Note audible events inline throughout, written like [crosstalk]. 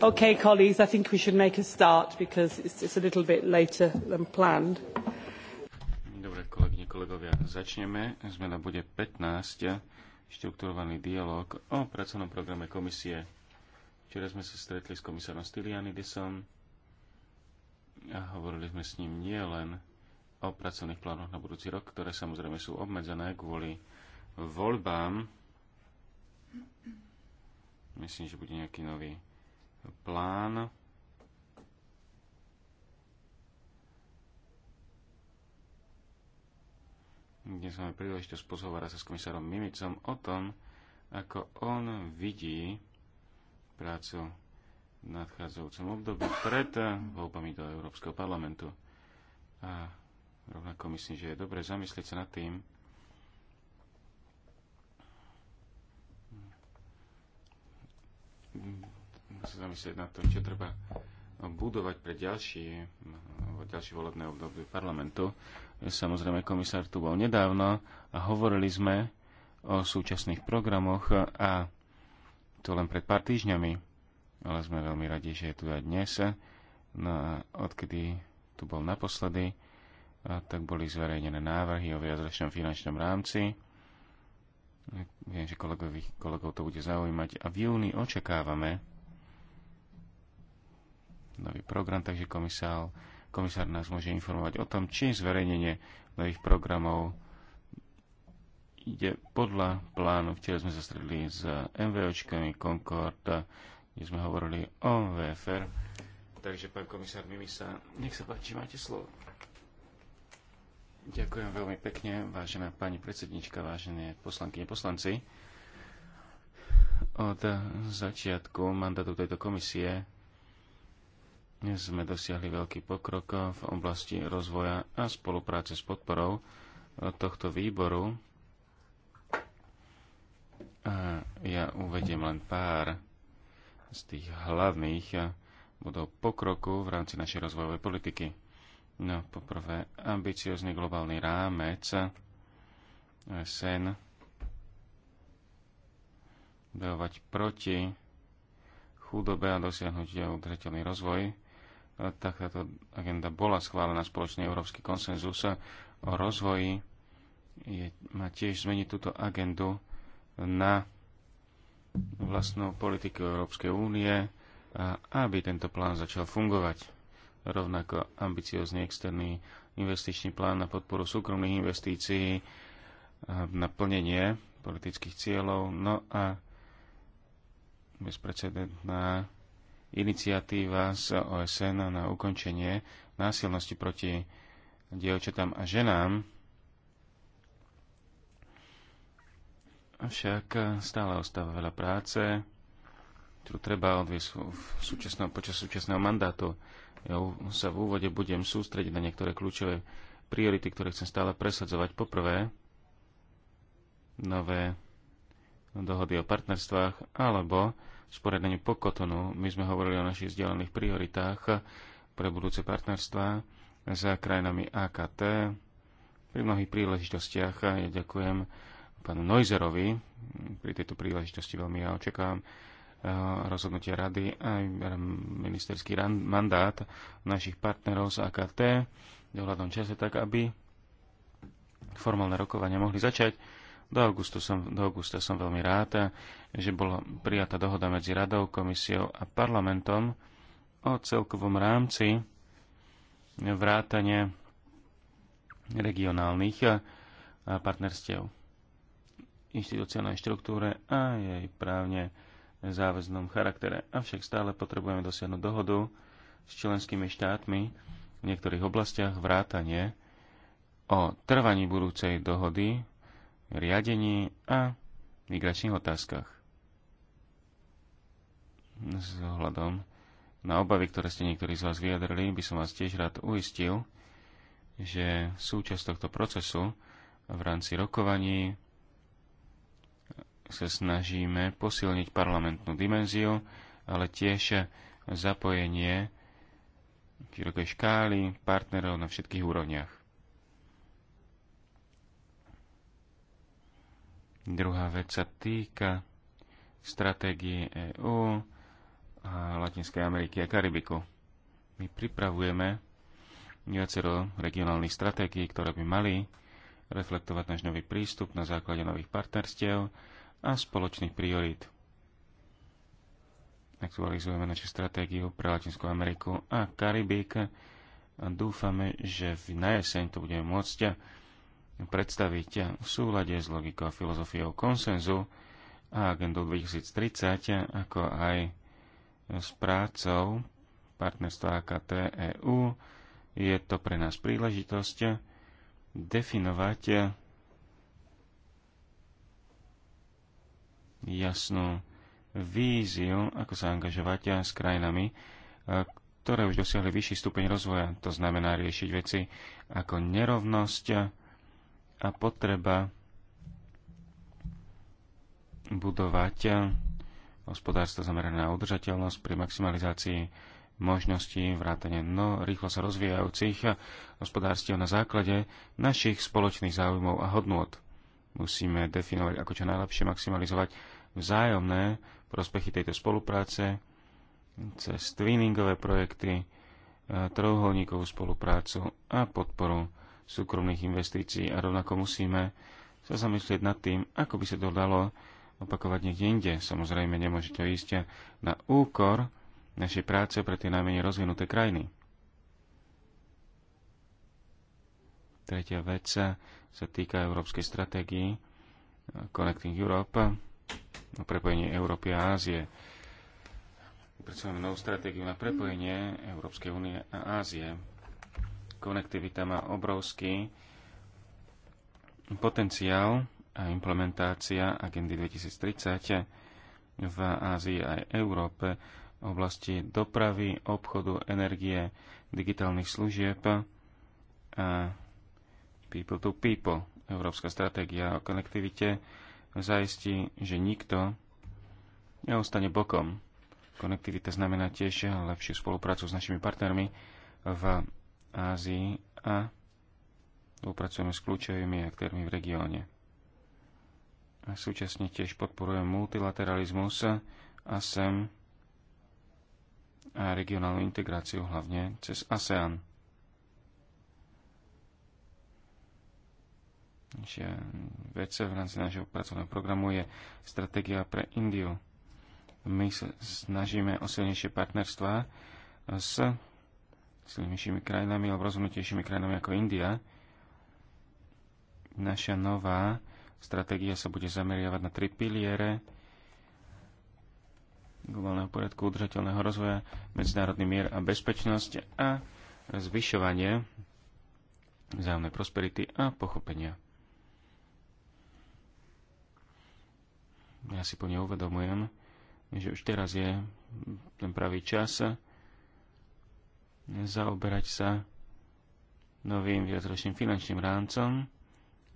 Okay, colleagues, I think we should make a start because it's, it's a little bit later than planned. Dobre, kolegyne, kolegovia, začneme. Zmena bude 15. Štrukturovaný dialog o pracovnom programe komisie. Včera sme sa stretli s komisárom Stylianidisom a hovorili sme s ním nielen o pracovných plánoch na budúci rok, ktoré samozrejme sú obmedzené kvôli voľbám. Myslím, že bude nejaký nový plán. Dnes máme príležitosť pozhovara sa s komisárom Mimicom o tom, ako on vidí prácu v nadchádzajúcom období pred voľbami do Európskeho parlamentu. A rovnako myslím, že je dobre zamyslieť sa nad tým, sa zamyslieť nad to, čo treba budovať pre ďalší, eh, ďalšie volebné obdobie parlamentu. Samozrejme, komisár tu bol nedávno a hovorili sme o súčasných programoch a to len pred pár týždňami, ale sme veľmi radi, že je tu aj dnes. No a odkedy tu bol naposledy, tak boli zverejnené návrhy o viacročnom finančnom rámci. Viem, že kolegov to bude zaujímať. A v júni očakávame, nový program, takže komisár, komisár nás môže informovať o tom, či zverejnenie nových programov ide podľa plánu. Včera sme sa stredli s MVOčkami Concord, kde sme hovorili o VFR. Takže, pán komisár Mimisa, nech sa páči, máte slovo. Ďakujem veľmi pekne, vážená pani predsednička, vážené poslanky a poslanci. Od začiatku mandátu tejto komisie dnes sme dosiahli veľký pokrok v oblasti rozvoja a spolupráce s podporou tohto výboru. A ja uvediem len pár z tých hlavných bodov pokroku v rámci našej rozvojovej politiky. No, poprvé, ambiciozný globálny rámec, sen, bojovať proti chudobe a dosiahnuť udržateľný rozvoj tak táto agenda bola schválená spoločný európsky konsenzus o rozvoji. Je, má tiež zmeniť túto agendu na vlastnú politiku Európskej únie, a aby tento plán začal fungovať. Rovnako ambiciozný externý investičný plán na podporu súkromných investícií, na plnenie politických cieľov, no a bezprecedentná iniciatíva z OSN na ukončenie násilnosti proti dievčatám a ženám. Avšak stále ostáva veľa práce, ktorú treba odviesť súčasného, počas súčasného mandátu. Ja sa v úvode budem sústrediť na niektoré kľúčové priority, ktoré chcem stále presadzovať. Poprvé, nové dohody o partnerstvách alebo sporedaniu po Kotonu. My sme hovorili o našich vzdialených prioritách pre budúce partnerstva za krajinami AKT. Pri mnohých príležitostiach ja ďakujem pánu Neuserovi pri tejto príležitosti veľmi ja očakávam eh, rozhodnutie rady aj ministerský mandát našich partnerov z AKT v čase tak, aby formálne rokovania mohli začať do, som, do augusta som veľmi rád, že bola prijatá dohoda medzi Radou, komisiou a parlamentom o celkovom rámci vrátane regionálnych partnerstiev inštitúciálnej štruktúre a jej právne záväznom charaktere. Avšak stále potrebujeme dosiahnuť dohodu s členskými štátmi v niektorých oblastiach vrátanie o trvaní budúcej dohody riadení a migračných otázkach. S ohľadom na obavy, ktoré ste niektorí z vás vyjadrili, by som vás tiež rád uistil, že súčasť tohto procesu v rámci rokovaní sa snažíme posilniť parlamentnú dimenziu, ale tiež zapojenie širokej škály partnerov na všetkých úrovniach. Druhá vec sa týka stratégie EÚ a Latinskej Ameriky a Karibiku. My pripravujeme viacero regionálnych stratégií, ktoré by mali reflektovať náš nový prístup na základe nových partnerstiev a spoločných priorít. Aktualizujeme našu stratégiu pre Latinskú Ameriku a Karibik a dúfame, že v najeseň to budeme môcť predstaviť v súlade s logikou a filozofiou konsenzu a agendou 2030, ako aj s prácou partnerstva AKT EU. Je to pre nás príležitosť definovať jasnú víziu, ako sa angažovať s krajinami, ktoré už dosiahli vyšší stupeň rozvoja. To znamená riešiť veci ako nerovnosť, a potreba budovať hospodárstvo zamerané na udržateľnosť pri maximalizácii možností vrátane no rýchlo sa rozvíjajúcich hospodárstiev na základe našich spoločných záujmov a hodnôt. Musíme definovať, ako čo najlepšie maximalizovať vzájomné prospechy tejto spolupráce cez twinningové projekty, e, trojuholníkovú spoluprácu a podporu súkromných investícií a rovnako musíme sa zamyslieť nad tým, ako by sa to dalo opakovať niekde inde. Samozrejme, nemôže to ísť na úkor našej práce pre tie najmenej rozvinuté krajiny. Tretia vec sa týka európskej stratégii Connecting Europe, prepojenie Európy a Ázie. Predstavujeme novú stratégiu na prepojenie Európskej únie a Ázie konektivita má obrovský potenciál a implementácia agendy 2030 v Ázii aj Európe v oblasti dopravy, obchodu, energie, digitálnych služieb a people to people. Európska stratégia o konektivite zaistí, že nikto neostane bokom. Konektivita znamená tiež lepšiu spoluprácu s našimi partnermi v Ázii a upracujeme s kľúčovými aktérmi v regióne. A súčasne tiež podporujem multilateralizmus a sem a regionálnu integráciu hlavne cez ASEAN. Že vec v rámci nášho pracovného programu je stratégia pre Indiu. My snažíme o silnejšie partnerstva s silnejšími krajinami alebo rozhodnutejšími krajinami ako India. Naša nová stratégia sa bude zameriavať na tri piliere globálneho poriadku, udržateľného rozvoja, medzinárodný mier a bezpečnosť a zvyšovanie vzájomnej prosperity a pochopenia. Ja si plne uvedomujem, že už teraz je ten pravý čas zaoberať sa novým viacročným finančným rámcom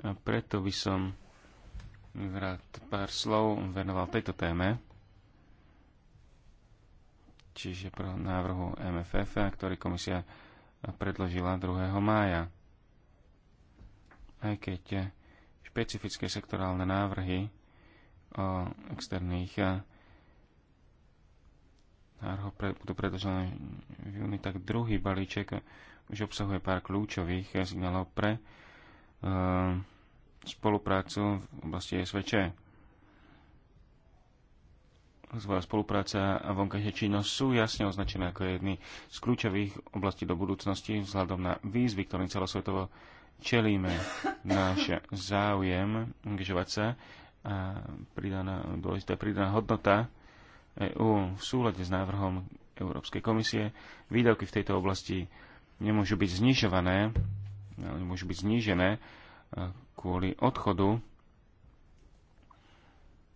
a preto by som rád pár slov venoval tejto téme, čiže pro návrhu MFF, ktorý komisia predložila 2. mája. Aj keď špecifické sektorálne návrhy o externých návrhov pre, budú predložené v júni, tak druhý balíček už obsahuje pár kľúčových signálov pre e, spoluprácu v oblasti SVČ. Zvoja spolupráca a vonkajšia činnosť sú jasne označené ako jedny z kľúčových oblastí do budúcnosti vzhľadom na výzvy, ktorým celosvetovo čelíme. Náš záujem angažovať sa a pridaná, dôležitá pridaná hodnota EÚ v súlade s návrhom Európskej komisie výdavky v tejto oblasti nemôžu byť znižované, nemôžu byť znížené e, kvôli odchodu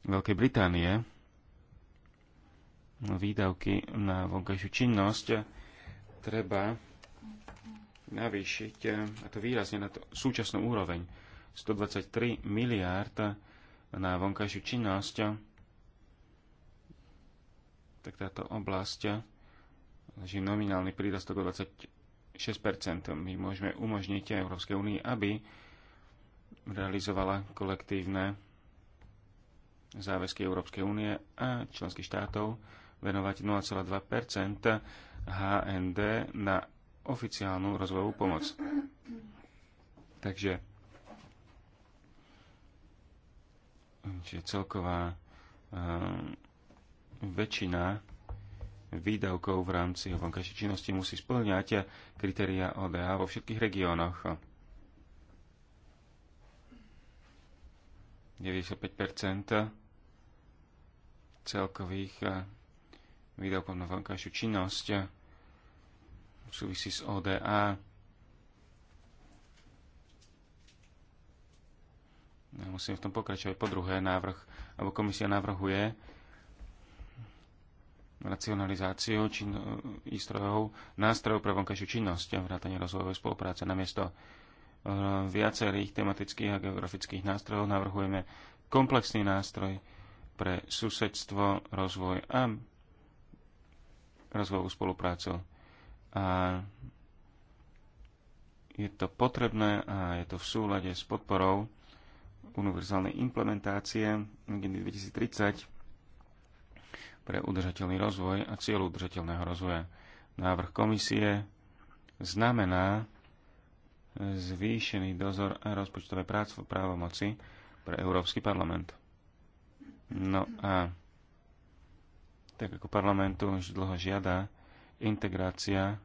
Veľkej Británie výdavky na vonkajšiu činnosť treba navýšiť, e, a to výrazne na to súčasnú úroveň, 123 miliárd na vonkajšiu činnosť tak táto oblasť leží nominálny prírastok o 26%. My môžeme umožniť Európskej únii, aby realizovala kolektívne záväzky Európskej únie a členských štátov venovať 0,2 HND na oficiálnu rozvojovú pomoc. Takže čiže celková um, väčšina výdavkov v rámci vonkajšej činnosti musí splňať kritéria ODA vo všetkých regiónoch. 95 celkových výdavkov na vonkajšiu činnosť súvisí s ODA. musím v tom pokračovať. Po druhé, návrh, alebo komisia navrhuje racionalizáciu čin, istrojov, e, nástrojov pre vonkajšiu činnosť a vrátanie rozvojovej spolupráce. Namiesto e, viacerých tematických a geografických nástrojov navrhujeme komplexný nástroj pre susedstvo, rozvoj a rozvojovú spoluprácu. A je to potrebné a je to v súlade s podporou univerzálnej implementácie agendy 2030 pre udržateľný rozvoj a cieľ udržateľného rozvoja. Návrh komisie znamená zvýšený dozor a rozpočtové prácu právomoci pre Európsky parlament. No a tak ako parlamentu už dlho žiada integrácia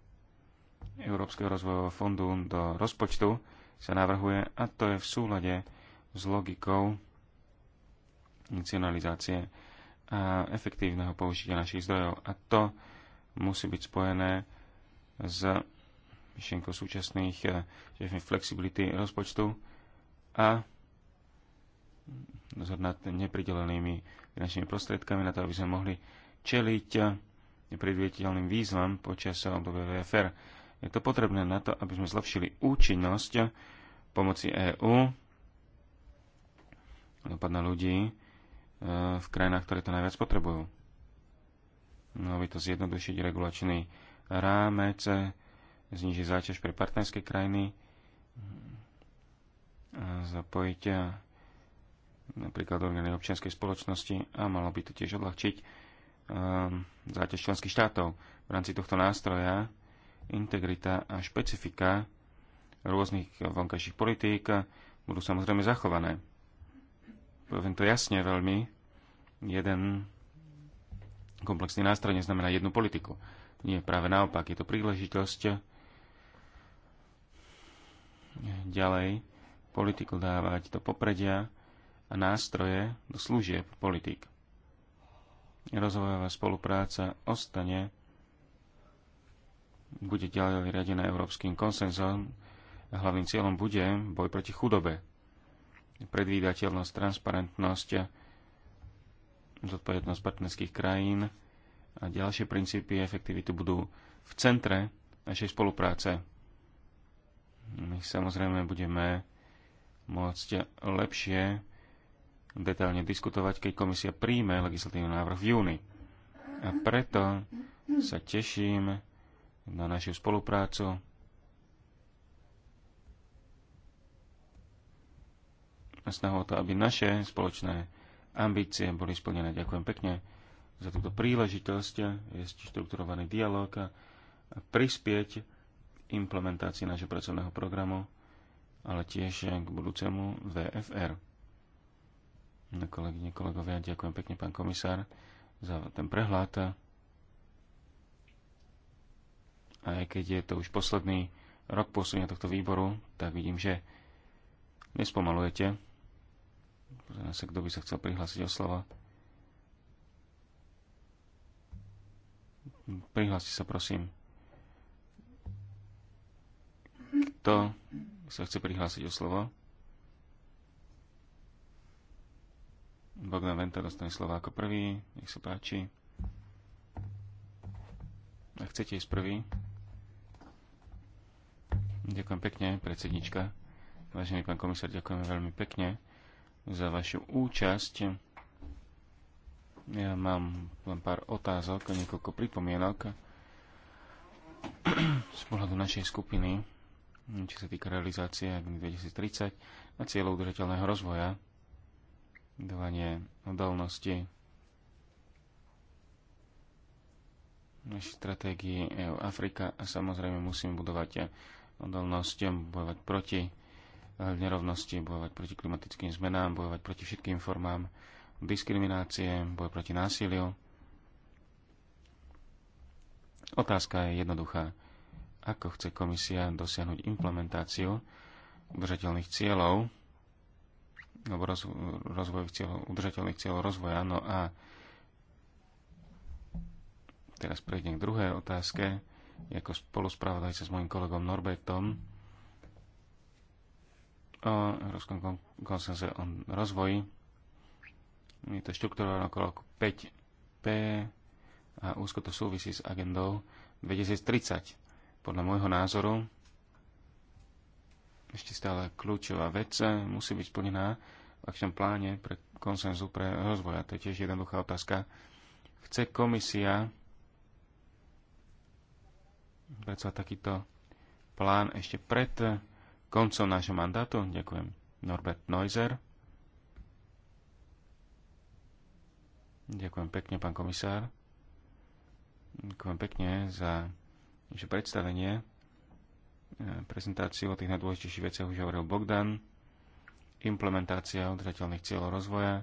Európskeho rozvojového fondu do rozpočtu sa navrhuje a to je v súlade s logikou nacionalizácie a efektívneho použitia našich zdrojov. A to musí byť spojené s myšlienkou súčasných e, flexibility rozpočtu a nad nepridelenými finančnými prostriedkami na to, aby sme mohli čeliť nepredvietiteľným výzvam počas obdobia VFR. Je to potrebné na to, aby sme zlepšili účinnosť pomoci EÚ, dopad na ľudí, v krajinách, ktoré to najviac potrebujú. Malo by to zjednodušiť regulačný rámec, znižiť záťaž pre partnerské krajiny, zapojiť napríklad orgány občianskej spoločnosti a malo by to tiež odľahčiť ehm, záťaž členských štátov. V rámci tohto nástroja integrita a špecifika rôznych vonkajších politík budú samozrejme zachované poviem to jasne veľmi, jeden komplexný nástroj neznamená jednu politiku. Nie, práve naopak, je to príležitosť ďalej politiku dávať do popredia a nástroje do služieb politik. Rozvojová spolupráca ostane, bude ďalej riadená európskym konsenzom a hlavným cieľom bude boj proti chudobe predvídateľnosť, transparentnosť, zodpovednosť partnerských krajín a ďalšie princípy efektivity budú v centre našej spolupráce. My samozrejme budeme môcť lepšie detálne diskutovať, keď komisia príjme legislatívny návrh v júni. A preto sa teším na našu spoluprácu snahu o to, aby naše spoločné ambície boli splnené. Ďakujem pekne za túto príležitosť, je štrukturovaný dialog a prispieť implementácii nášho pracovného programu, ale tiež k budúcemu VFR. No, kolegyne, kolegovia, ďakujem pekne, pán komisár, za ten prehľad. A aj keď je to už posledný rok pôsobenia tohto výboru, tak vidím, že nespomalujete Pozrieme sa, kto by sa chcel prihlásiť o slovo. Prihlási sa, prosím. Kto sa chce prihlásiť o slovo? Bogdan Venta dostane slovo ako prvý. Nech sa páči. A chcete ísť prvý? Ďakujem pekne, predsednička. Vážený pán komisár, ďakujeme veľmi pekne za vašu účasť. Ja mám len pár otázok a niekoľko pripomienok [clears throat] z pohľadu našej skupiny, čo sa týka realizácie Agni 2030 a cieľov udržateľného rozvoja, dovanie odolnosti našej stratégii EU Afrika a samozrejme musíme budovať odolnosť, bojovať proti E, nerovnosti, bojovať proti klimatickým zmenám, bojovať proti všetkým formám diskriminácie, boj proti násiliu. Otázka je jednoduchá. Ako chce komisia dosiahnuť implementáciu udržateľných cieľov alebo rozvoj cieľov, udržateľných cieľov rozvoja. No a teraz prejdem k druhej otázke. Ako spoluspravodajca s mojim kolegom Norbertom o Európskom konsenze o rozvoji. Je to štrukturované okolo 5P a úzko to súvisí s agendou 2030. Podľa môjho názoru ešte stále kľúčová vec e, musí byť splnená v akčnom pláne pre konsenzu pre rozvoj. A to je tiež jednoduchá otázka. Chce komisia pracovať takýto plán ešte pred koncom nášho mandátu. Ďakujem. Norbert Neuser. Ďakujem pekne, pán komisár. Ďakujem pekne za vaše predstavenie, prezentáciu o tých najdôležitejších veciach už hovoril Bogdan, implementácia udržateľných cieľov rozvoja,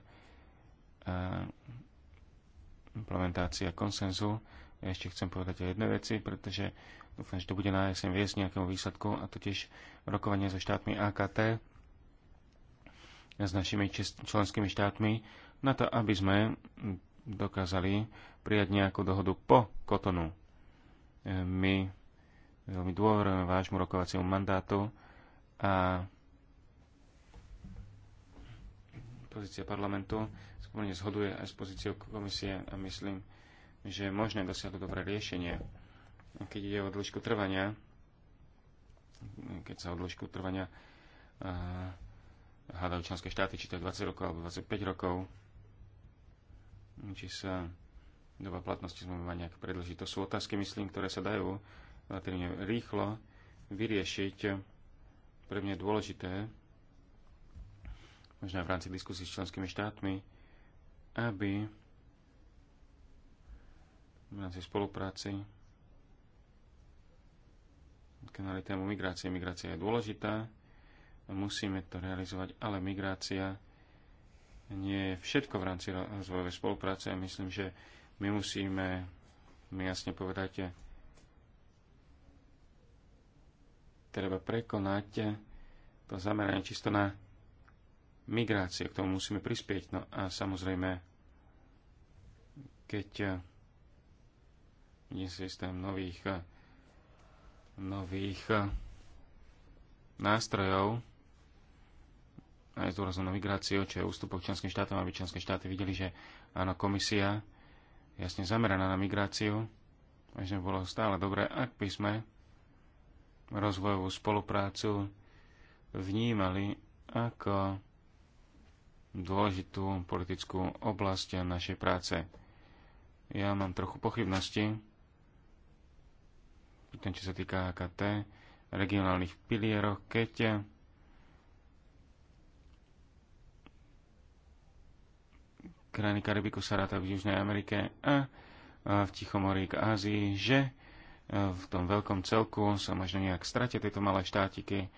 implementácia konsenzu ja ešte chcem povedať aj jedné veci, pretože dúfam, že to bude na jeseň viesť nejakému výsledku a totiž rokovanie so štátmi AKT a s našimi členskými štátmi na to, aby sme dokázali prijať nejakú dohodu po Kotonu. E, my veľmi dôverujeme vášmu rokovaciemu mandátu a pozícia parlamentu sa zhoduje aj s pozíciou komisie a myslím, že je možné dosiahnuť dobré riešenie. Keď ide o dĺžku trvania, keď sa o dĺžku trvania uh, eh, hádajú členské štáty, či to je 20 rokov alebo 25 rokov, či sa doba platnosti zmluvy má nejak predlžiť. To sú otázky, myslím, ktoré sa dajú relatívne rýchlo vyriešiť. Pre mňa je dôležité, možno aj v rámci diskusí s členskými štátmi, aby v rámci spolupráci Kanály tému migrácie. Migrácia je dôležitá, musíme to realizovať, ale migrácia nie je všetko v rámci rozvojovej spolupráce. Myslím, že my musíme my jasne povedať, treba prekonať to zameranie čisto na migrácie. K tomu musíme prispieť. No a samozrejme, keď je systém nových, nových eh, nástrojov aj s na migráciu, čo je ústupok členským štátom, aby členské štáty videli, že áno, komisia jasne zameraná na migráciu, a že bolo stále dobré, ak by sme rozvojovú spoluprácu vnímali ako dôležitú politickú oblasť našej práce. Ja mám trochu pochybnosti, pýtam, čo sa týka AKT, regionálnych pilieroch, keď krajiny Karibiku sa ráta v Južnej Amerike a v Tichomorí k Ázii, že v tom veľkom celku sa možno nejak stratia tieto malé štátiky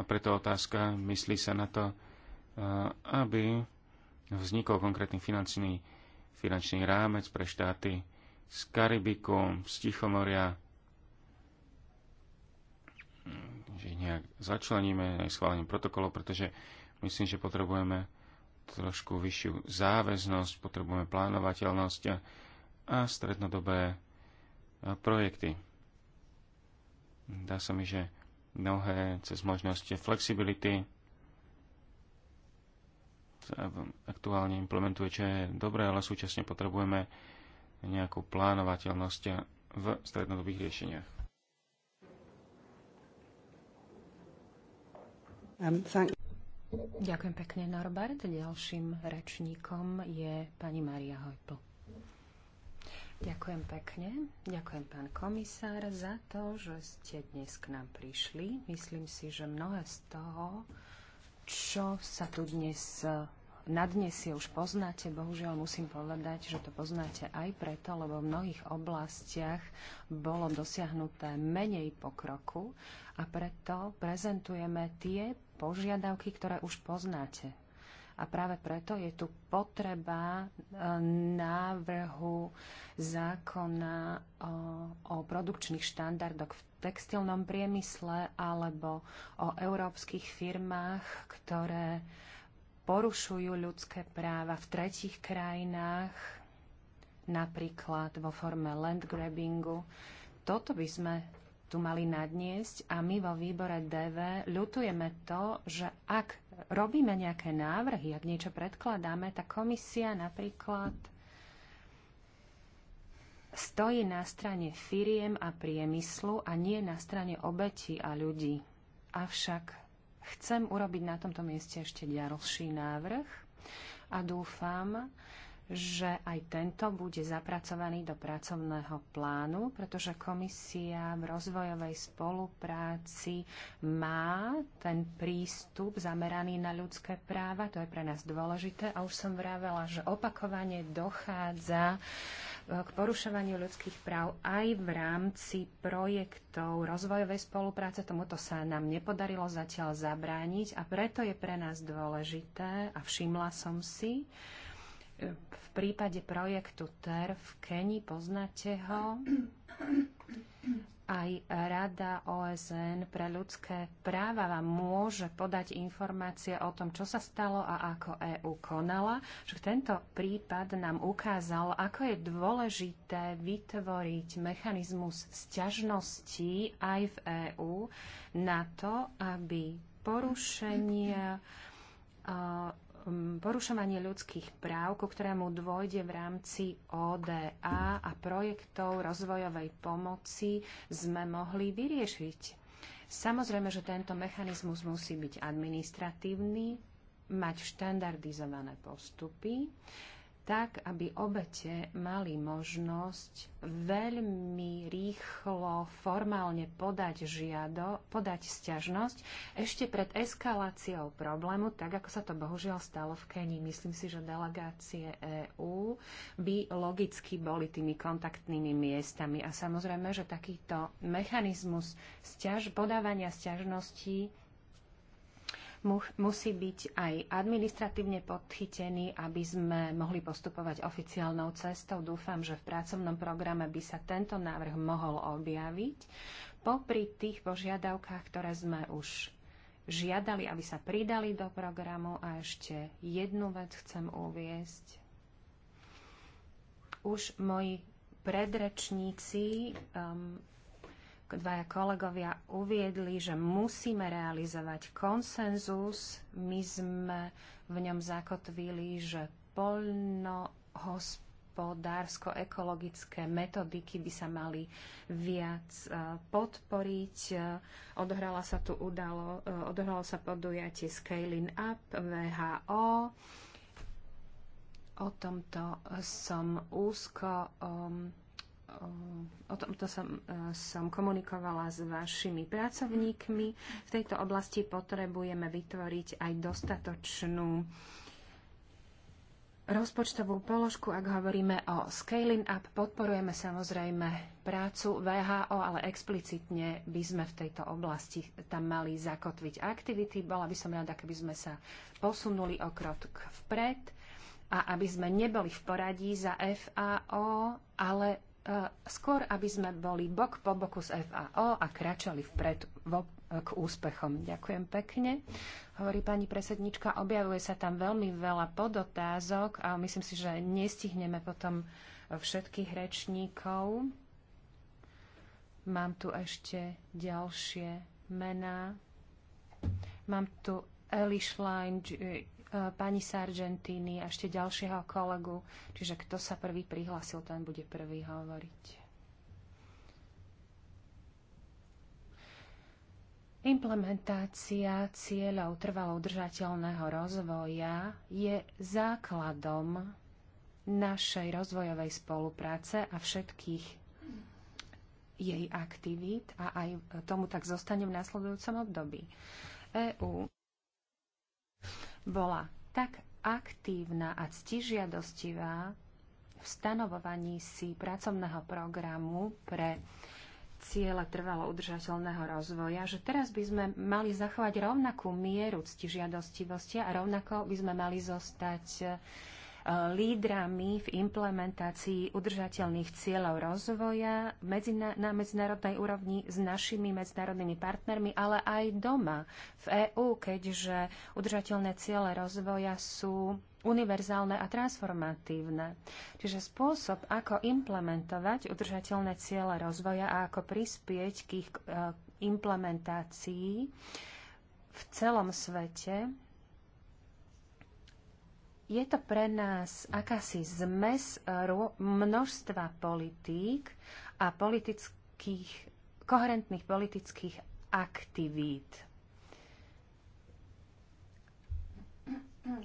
a preto otázka, myslí sa na to, aby vznikol konkrétny finančný, finančný rámec pre štáty z Karibiku, z Tichomoria, že ich nejak začleníme aj schválením protokolov, pretože myslím, že potrebujeme trošku vyššiu záväznosť, potrebujeme plánovateľnosť a strednodobé e, projekty. Dá sa mi, že mnohé cez možnosť flexibility aktuálne implementuje, čo je dobré, ale súčasne potrebujeme nejakú plánovateľnosť v strednodobých riešeniach. Um, thank... Ďakujem pekne, Norbert. Ďalším rečníkom je pani Maria Hojpl. Ďakujem pekne. Ďakujem, pán komisár, za to, že ste dnes k nám prišli. Myslím si, že mnohé z toho, čo sa tu dnes na dnes je už poznáte, bohužiaľ musím povedať, že to poznáte aj preto, lebo v mnohých oblastiach bolo dosiahnuté menej pokroku a preto prezentujeme tie požiadavky, ktoré už poznáte. A práve preto je tu potreba e, návrhu zákona o, e, o produkčných štandardoch v textilnom priemysle alebo o európskych firmách, ktoré porušujú ľudské práva v tretich krajinách, napríklad vo forme landgrabbingu. Toto by sme tu mali nadniesť a my vo výbore DV ľutujeme to, že ak robíme nejaké návrhy, ak niečo predkladáme, tá komisia napríklad stojí na strane firiem a priemyslu a nie na strane obetí a ľudí. Avšak chcem urobiť na tomto mieste ešte ďalší návrh a dúfam, že aj tento bude zapracovaný do pracovného plánu, pretože komisia v rozvojovej spolupráci má ten prístup zameraný na ľudské práva. To je pre nás dôležité. A už som vravela, že opakovane dochádza e, k porušovaniu ľudských práv aj v rámci projektov rozvojovej spolupráce. Tomuto sa nám nepodarilo zatiaľ zabrániť a preto je pre nás dôležité a všimla som si, v prípade projektu TER v Keni, poznáte ho, aj Rada OSN pre ľudské práva vám môže podať informácie o tom, čo sa stalo a ako EU konala. Že tento prípad nám ukázal, ako je dôležité vytvoriť mechanizmus sťažností aj v EÚ na to, aby porušenia porušovanie ľudských práv, ku ktorému dôjde v rámci ODA a projektov rozvojovej pomoci, sme mohli vyriešiť. Samozrejme, že tento mechanizmus musí byť administratívny, mať štandardizované postupy tak, aby obete mali možnosť veľmi rýchlo formálne podať, žiado, podať sťažnosť ešte pred eskaláciou problému, tak ako sa to bohužiaľ stalo v Kenii. Myslím si, že delegácie EÚ by logicky boli tými kontaktnými miestami. A samozrejme, že takýto mechanizmus sťaž, podávania sťažností musí byť aj administratívne podchytený, aby sme mohli postupovať oficiálnou cestou. Dúfam, že v pracovnom programe by sa tento návrh mohol objaviť. Popri tých požiadavkách, ktoré sme už žiadali, aby sa pridali do programu. A ešte jednu vec chcem uviesť. Už moji predrečníci um, dvaja kolegovia uviedli, že musíme realizovať konsenzus. My sme v ňom zakotvili, že poľnohospodársko-ekologické metodiky by sa mali viac e, podporiť. Odohrala sa tu udalo, e, odohralo sa podujatie Scaling Up VHO. O tomto som úzko um, o tomto som, e, som komunikovala s vašimi pracovníkmi. V tejto oblasti potrebujeme vytvoriť aj dostatočnú rozpočtovú položku, ak hovoríme o scaling up, podporujeme samozrejme prácu VHO, ale explicitne by sme v tejto oblasti tam mali zakotviť aktivity. Bola by som rada, keby sme sa posunuli o krok vpred a aby sme neboli v poradí za FAO, ale E, skôr, aby sme boli bok po boku s FAO a kračali vpred vo, e, k úspechom. Ďakujem pekne. Hovorí pani presednička, objavuje sa tam veľmi veľa podotázok a myslím si, že nestihneme potom všetkých rečníkov. Mám tu ešte ďalšie mená. Mám tu Eli Schlein, pani Sargentini a ešte ďalšieho kolegu. Čiže kto sa prvý prihlásil, ten bude prvý hovoriť. Implementácia cieľov trvalo udržateľného rozvoja je základom našej rozvojovej spolupráce a všetkých jej aktivít a aj tomu tak zostane v následujúcom období. EU bola tak aktívna a ctižiadostivá v stanovovaní si pracovného programu pre ciele trvalo udržateľného rozvoja, že teraz by sme mali zachovať rovnakú mieru ctižiadostivosti a rovnako by sme mali zostať lídrami v implementácii udržateľných cieľov rozvoja na medzinárodnej úrovni s našimi medzinárodnými partnermi, ale aj doma v EÚ, keďže udržateľné ciele rozvoja sú univerzálne a transformatívne. Čiže spôsob, ako implementovať udržateľné ciele rozvoja a ako prispieť k ich e, implementácii v celom svete, je to pre nás akási zmes množstva politík a politických, koherentných politických aktivít.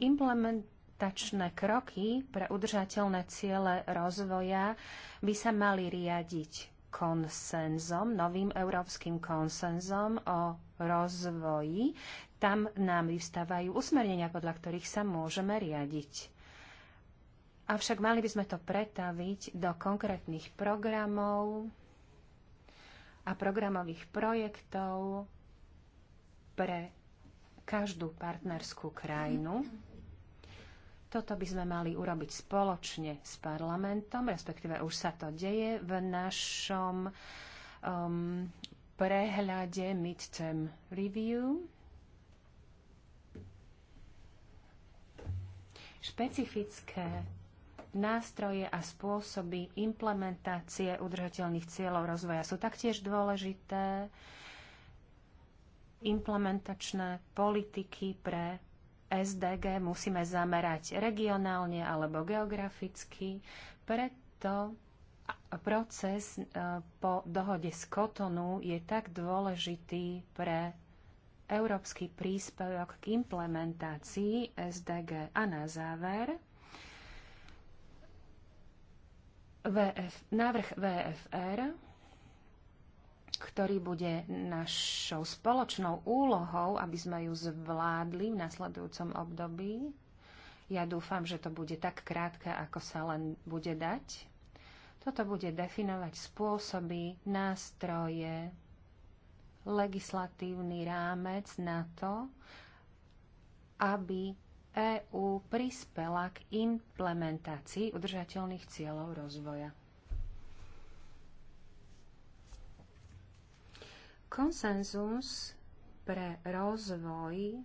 Implementačné kroky pre udržateľné ciele rozvoja by sa mali riadiť konsenzom, novým európskym konsenzom o rozvoji, tam nám vystávajú usmernenia, podľa ktorých sa môžeme riadiť. Avšak mali by sme to pretaviť do konkrétnych programov a programových projektov pre každú partnerskú krajinu. Toto by sme mali urobiť spoločne s parlamentom, respektíve už sa to deje v našom um, prehľade Midterm Review špecifické nástroje a spôsoby implementácie udržateľných cieľov rozvoja sú taktiež dôležité. Implementačné politiky pre SDG musíme zamerať regionálne alebo geograficky, preto proces e, po dohode z Kotonu je tak dôležitý pre európsky príspevok k implementácii SDG. A na záver, VF, návrh VFR, ktorý bude našou spoločnou úlohou, aby sme ju zvládli v nasledujúcom období. Ja dúfam, že to bude tak krátke, ako sa len bude dať. Toto bude definovať spôsoby, nástroje, legislatívny rámec na to, aby EÚ prispela k implementácii udržateľných cieľov rozvoja. Konsenzus pre rozvoj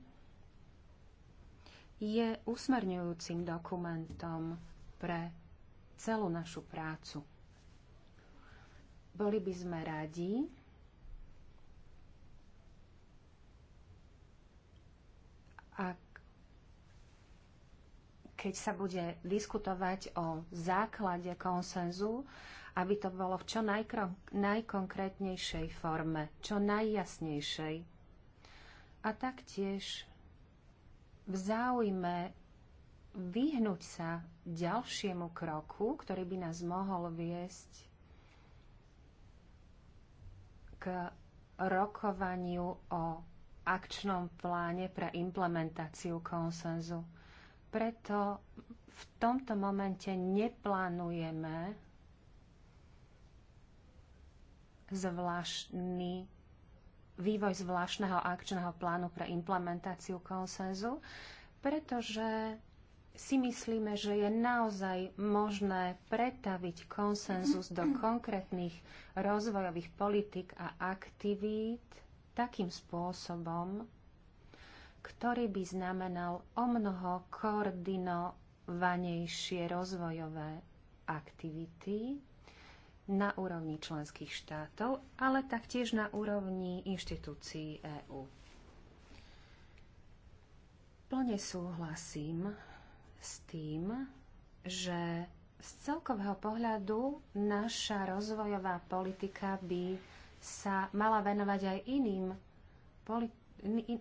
je usmerňujúcim dokumentom pre celú našu prácu. Boli by sme radi, A keď sa bude diskutovať o základe konsenzu, aby to bolo v čo najkonkrétnejšej forme, čo najjasnejšej. A taktiež v záujme vyhnúť sa ďalšiemu kroku, ktorý by nás mohol viesť k rokovaniu o akčnom pláne pre implementáciu konsenzu. Preto v tomto momente neplánujeme zvláštny vývoj zvláštneho akčného plánu pre implementáciu konsenzu, pretože si myslíme, že je naozaj možné pretaviť konsenzus do konkrétnych rozvojových politik a aktivít, takým spôsobom, ktorý by znamenal o mnoho koordinovanejšie rozvojové aktivity na úrovni členských štátov, ale taktiež na úrovni inštitúcií EÚ. Plne súhlasím s tým, že z celkového pohľadu naša rozvojová politika by sa mala venovať aj iným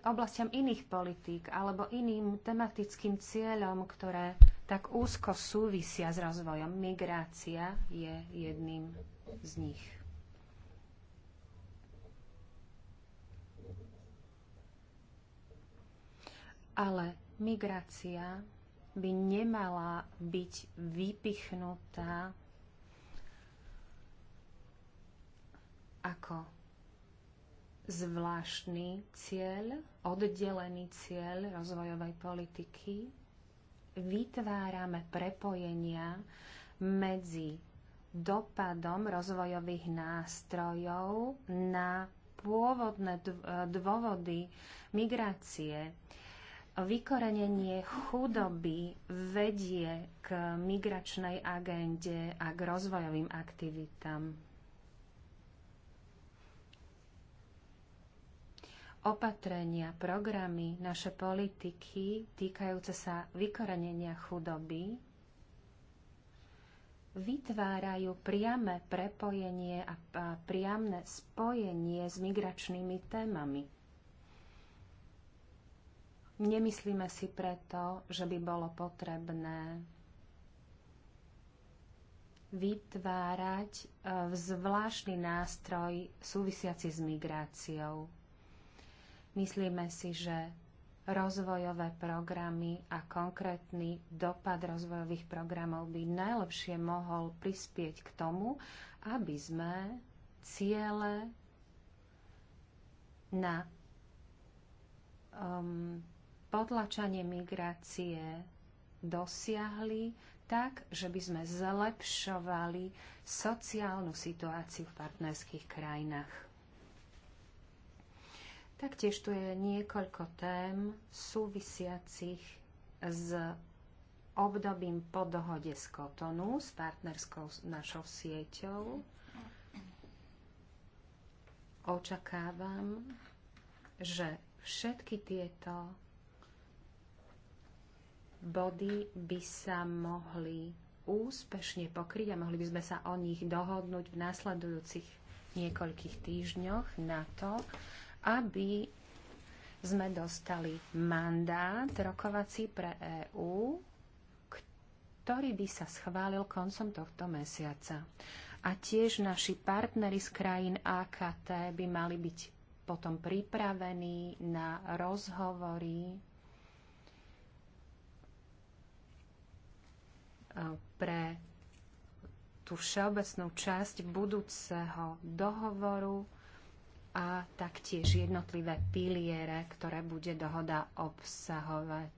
oblastiam iných politík alebo iným tematickým cieľom, ktoré tak úzko súvisia s rozvojom. Migrácia je jedným z nich. Ale migrácia by nemala byť vypichnutá ako zvláštny cieľ, oddelený cieľ rozvojovej politiky, vytvárame prepojenia medzi dopadom rozvojových nástrojov na pôvodné e, dôvody migrácie. Vykorenenie chudoby vedie k migračnej agende a k rozvojovým aktivitám. opatrenia, programy, naše politiky týkajúce sa vykorenenia chudoby vytvárajú priame prepojenie a priamne spojenie s migračnými témami. Nemyslíme si preto, že by bolo potrebné vytvárať e, zvláštny nástroj súvisiaci s migráciou. Myslíme si, že rozvojové programy a konkrétny dopad rozvojových programov by najlepšie mohol prispieť k tomu, aby sme ciele na um, potlačanie migrácie dosiahli tak, že by sme zlepšovali sociálnu situáciu v partnerských krajinách. Taktiež tu je niekoľko tém súvisiacich s obdobím po dohode z Kotonu, s partnerskou našou sieťou. Očakávam, že všetky tieto body by sa mohli úspešne pokryť a mohli by sme sa o nich dohodnúť v následujúcich niekoľkých týždňoch na to, aby sme dostali mandát rokovací pre EÚ, ktorý by sa schválil koncom tohto mesiaca. A tiež naši partnery z krajín AKT by mali byť potom pripravení na rozhovory e, pre tú všeobecnú časť budúceho dohovoru a taktiež jednotlivé piliere, ktoré bude dohoda obsahovať.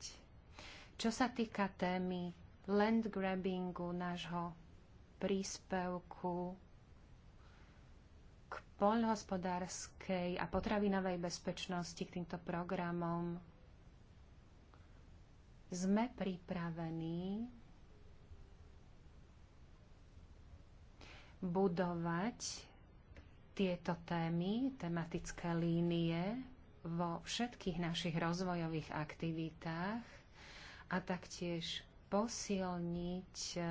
Čo sa týka témy land grabbingu nášho príspevku k poľnohospodárskej a potravinovej bezpečnosti k týmto programom, sme pripravení budovať tieto témy, tematické línie vo všetkých našich rozvojových aktivitách a taktiež posilniť e,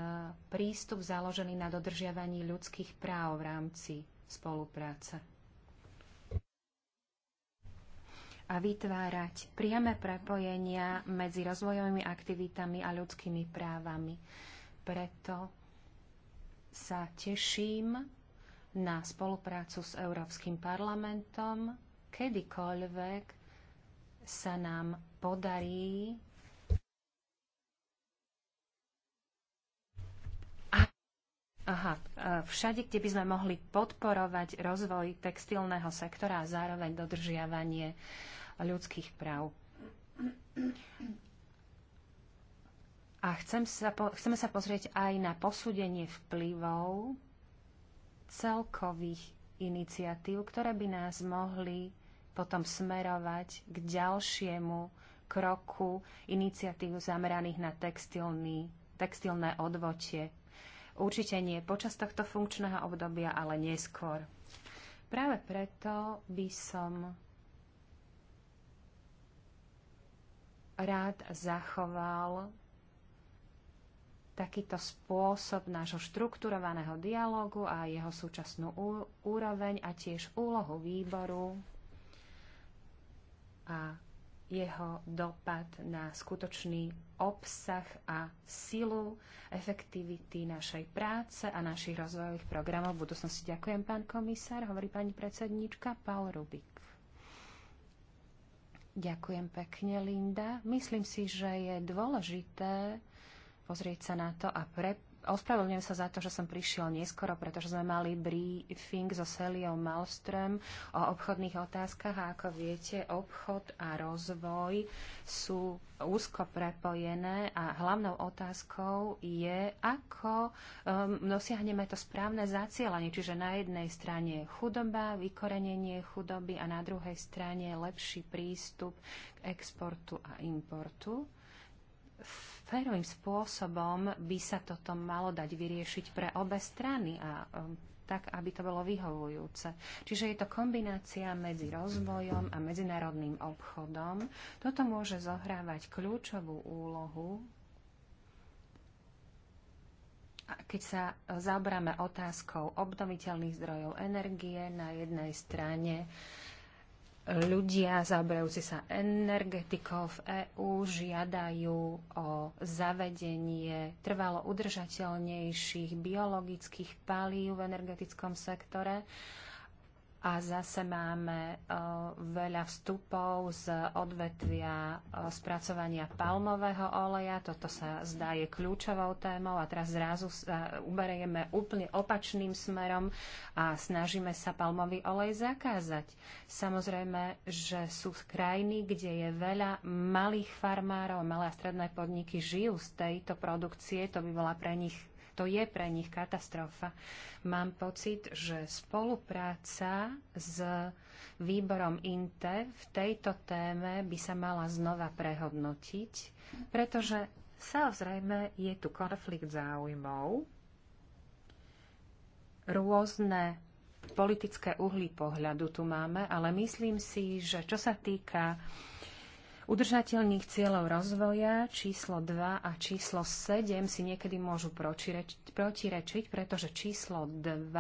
prístup založený na dodržiavaní ľudských práv v rámci spolupráce. A vytvárať priame prepojenia medzi rozvojovými aktivitami a ľudskými právami. Preto sa teším na spoluprácu s Európskym parlamentom, kedykoľvek sa nám podarí Aha, e, všade, kde by sme mohli podporovať rozvoj textilného sektora a zároveň dodržiavanie ľudských práv. A chcem sa po, chceme sa pozrieť aj na posúdenie vplyvov celkových iniciatív, ktoré by nás mohli potom smerovať k ďalšiemu kroku iniciatív zameraných na textilný, textilné odvočie. Určite nie počas tohto funkčného obdobia, ale neskôr. Práve preto by som rád zachoval takýto spôsob nášho štrukturovaného dialógu a jeho súčasnú úroveň a tiež úlohu výboru a jeho dopad na skutočný obsah a silu efektivity našej práce a našich rozvojových programov v budúcnosti. Ďakujem, pán komisár, hovorí pani predsedníčka Paul Rubik. Ďakujem pekne, Linda. Myslím si, že je dôležité pozrieť sa na to a pre, ospravedlňujem sa za to, že som prišiel neskoro, pretože sme mali briefing so Seliou Malström o obchodných otázkach a ako viete, obchod a rozvoj sú úzko prepojené a hlavnou otázkou je, ako um, dosiahneme to správne zacielanie, čiže na jednej strane chudoba, vykorenenie chudoby a na druhej strane lepší prístup k exportu a importu férovým spôsobom by sa toto malo dať vyriešiť pre obe strany a um, tak, aby to bolo vyhovujúce. Čiže je to kombinácia medzi rozvojom a medzinárodným obchodom. Toto môže zohrávať kľúčovú úlohu, keď sa zaoberáme otázkou obnoviteľných zdrojov energie na jednej strane, ľudia zaoberajúci sa energetikou v EÚ žiadajú o zavedenie trvalo udržateľnejších biologických palív v energetickom sektore a zase máme e, veľa vstupov z odvetvia e, spracovania palmového oleja. Toto sa zdá je kľúčovou témou a teraz zrazu sa uberieme úplne opačným smerom a snažíme sa palmový olej zakázať. Samozrejme, že sú krajiny, kde je veľa malých farmárov, malé a stredné podniky žijú z tejto produkcie, to by bola pre nich to je pre nich katastrofa. Mám pocit, že spolupráca s výborom INTE v tejto téme by sa mala znova prehodnotiť, pretože samozrejme je tu konflikt záujmov, rôzne politické uhly pohľadu tu máme, ale myslím si, že čo sa týka udržateľných cieľov rozvoja číslo 2 a číslo 7 si niekedy môžu protirečiť, pretože číslo 2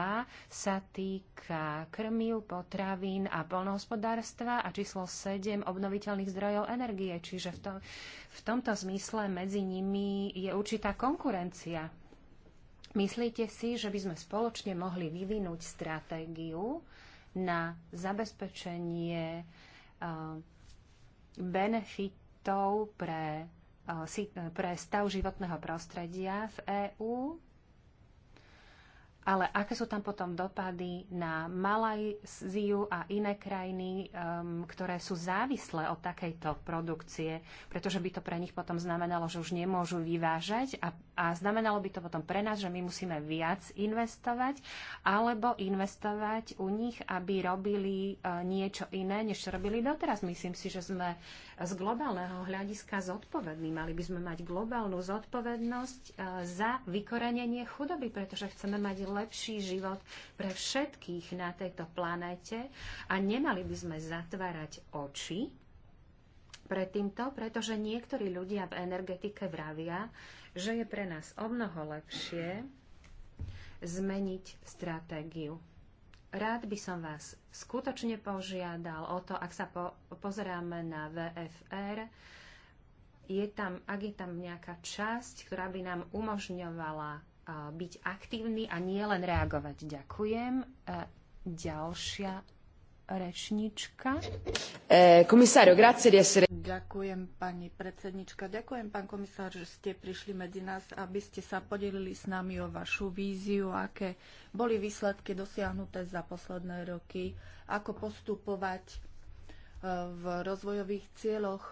sa týka krmiv, potravín a polnohospodárstva a číslo 7 obnoviteľných zdrojov energie. Čiže v, to, v tomto zmysle medzi nimi je určitá konkurencia. Myslíte si, že by sme spoločne mohli vyvinúť stratégiu na zabezpečenie uh, benefitov pre, eh, pre stav životného prostredia v EÚ ale aké sú tam potom dopady na Malajziu a iné krajiny, um, ktoré sú závislé od takejto produkcie, pretože by to pre nich potom znamenalo, že už nemôžu vyvážať a, a znamenalo by to potom pre nás, že my musíme viac investovať alebo investovať u nich, aby robili uh, niečo iné, než čo robili doteraz. Myslím si, že sme z globálneho hľadiska zodpovední. Mali by sme mať globálnu zodpovednosť e, za vykorenenie chudoby, pretože chceme mať lepší život pre všetkých na tejto planéte a nemali by sme zatvárať oči pred týmto, pretože niektorí ľudia v energetike vravia, že je pre nás o mnoho lepšie zmeniť stratégiu Rád by som vás skutočne požiadal o to, ak sa po, pozeráme na VFR, je tam, ak je tam nejaká časť, ktorá by nám umožňovala uh, byť aktívny a nie len reagovať. Ďakujem. Uh, ďalšia rečnička. Eh, komisário, grazie di essere... Ďakujem, pani predsednička. Ďakujem, pán komisár, že ste prišli medzi nás, aby ste sa podelili s nami o vašu víziu, aké boli výsledky dosiahnuté za posledné roky, ako postupovať e, v rozvojových cieľoch.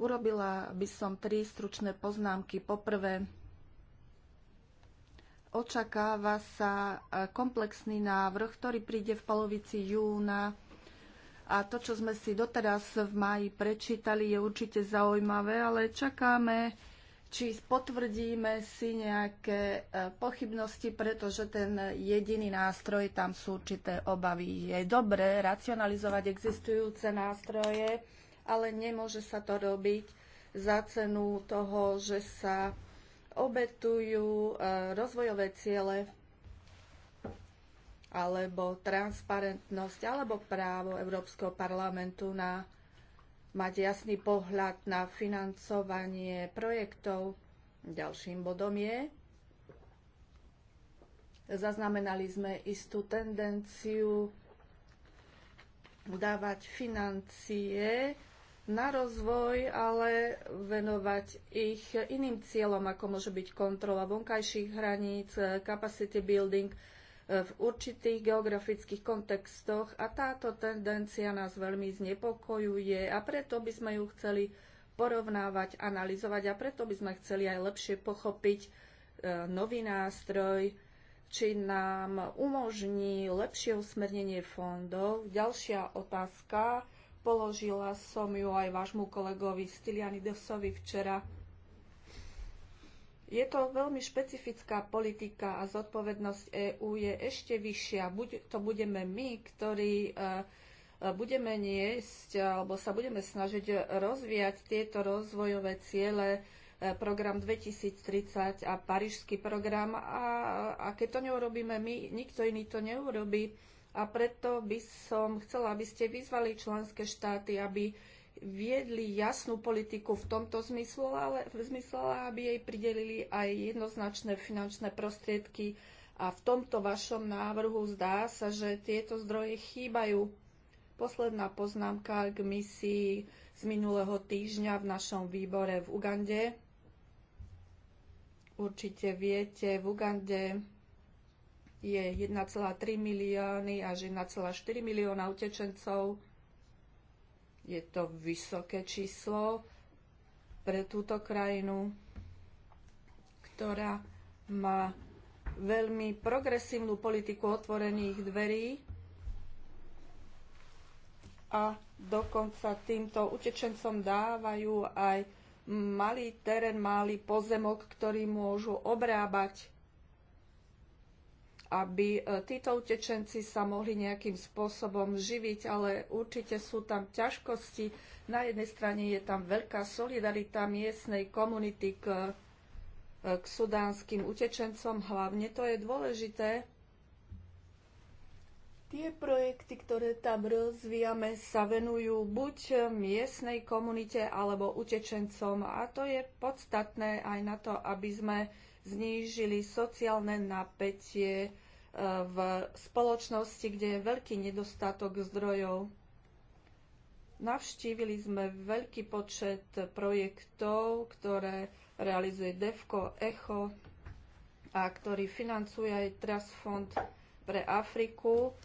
Urobila by som tri stručné poznámky. Poprvé, očakáva sa e, komplexný návrh, ktorý príde v polovici júna a to, čo sme si doteraz v máji prečítali, je určite zaujímavé, ale čakáme, či potvrdíme si nejaké e, pochybnosti, pretože ten jediný nástroj, tam sú určité obavy. Je dobré racionalizovať existujúce nástroje, ale nemôže sa to robiť za cenu toho, že sa obetujú e, rozvojové ciele v alebo transparentnosť, alebo právo Európskeho parlamentu na mať jasný pohľad na financovanie projektov. Ďalším bodom je, zaznamenali sme istú tendenciu dávať financie na rozvoj, ale venovať ich iným cieľom, ako môže byť kontrola vonkajších hraníc, capacity building – v určitých geografických kontextoch a táto tendencia nás veľmi znepokojuje a preto by sme ju chceli porovnávať, analyzovať a preto by sme chceli aj lepšie pochopiť e, nový nástroj, či nám umožní lepšie usmernenie fondov. Ďalšia otázka, položila som ju aj vášmu kolegovi Stylianidosovi včera je to veľmi špecifická politika a zodpovednosť EÚ je ešte vyššia. Buď to budeme my, ktorí e, e, budeme niesť alebo sa budeme snažiť rozvíjať tieto rozvojové ciele e, program 2030 a parížský program a, a keď to neurobíme my, nikto iný to neurobí. A preto by som chcela, aby ste vyzvali členské štáty, aby viedli jasnú politiku v tomto zmysle, ale v zmysle, aby jej pridelili aj jednoznačné finančné prostriedky. A v tomto vašom návrhu zdá sa, že tieto zdroje chýbajú. Posledná poznámka k misii z minulého týždňa v našom výbore v Ugande. Určite viete, v Ugande je 1,3 milióny až 1,4 milióna utečencov je to vysoké číslo pre túto krajinu, ktorá má veľmi progresívnu politiku otvorených dverí a dokonca týmto utečencom dávajú aj malý terén, malý pozemok, ktorý môžu obrábať aby e, títo utečenci sa mohli nejakým spôsobom živiť, ale určite sú tam ťažkosti. Na jednej strane je tam veľká solidarita miestnej komunity k, e, k sudánskym utečencom. Hlavne to je dôležité. Tie projekty, ktoré tam rozvíjame, sa venujú buď miestnej komunite alebo utečencom. A to je podstatné aj na to, aby sme znížili sociálne napätie v spoločnosti, kde je veľký nedostatok zdrojov. Navštívili sme veľký počet projektov, ktoré realizuje DEFCO, ECHO a ktorý financuje aj Trust Fond pre Afriku.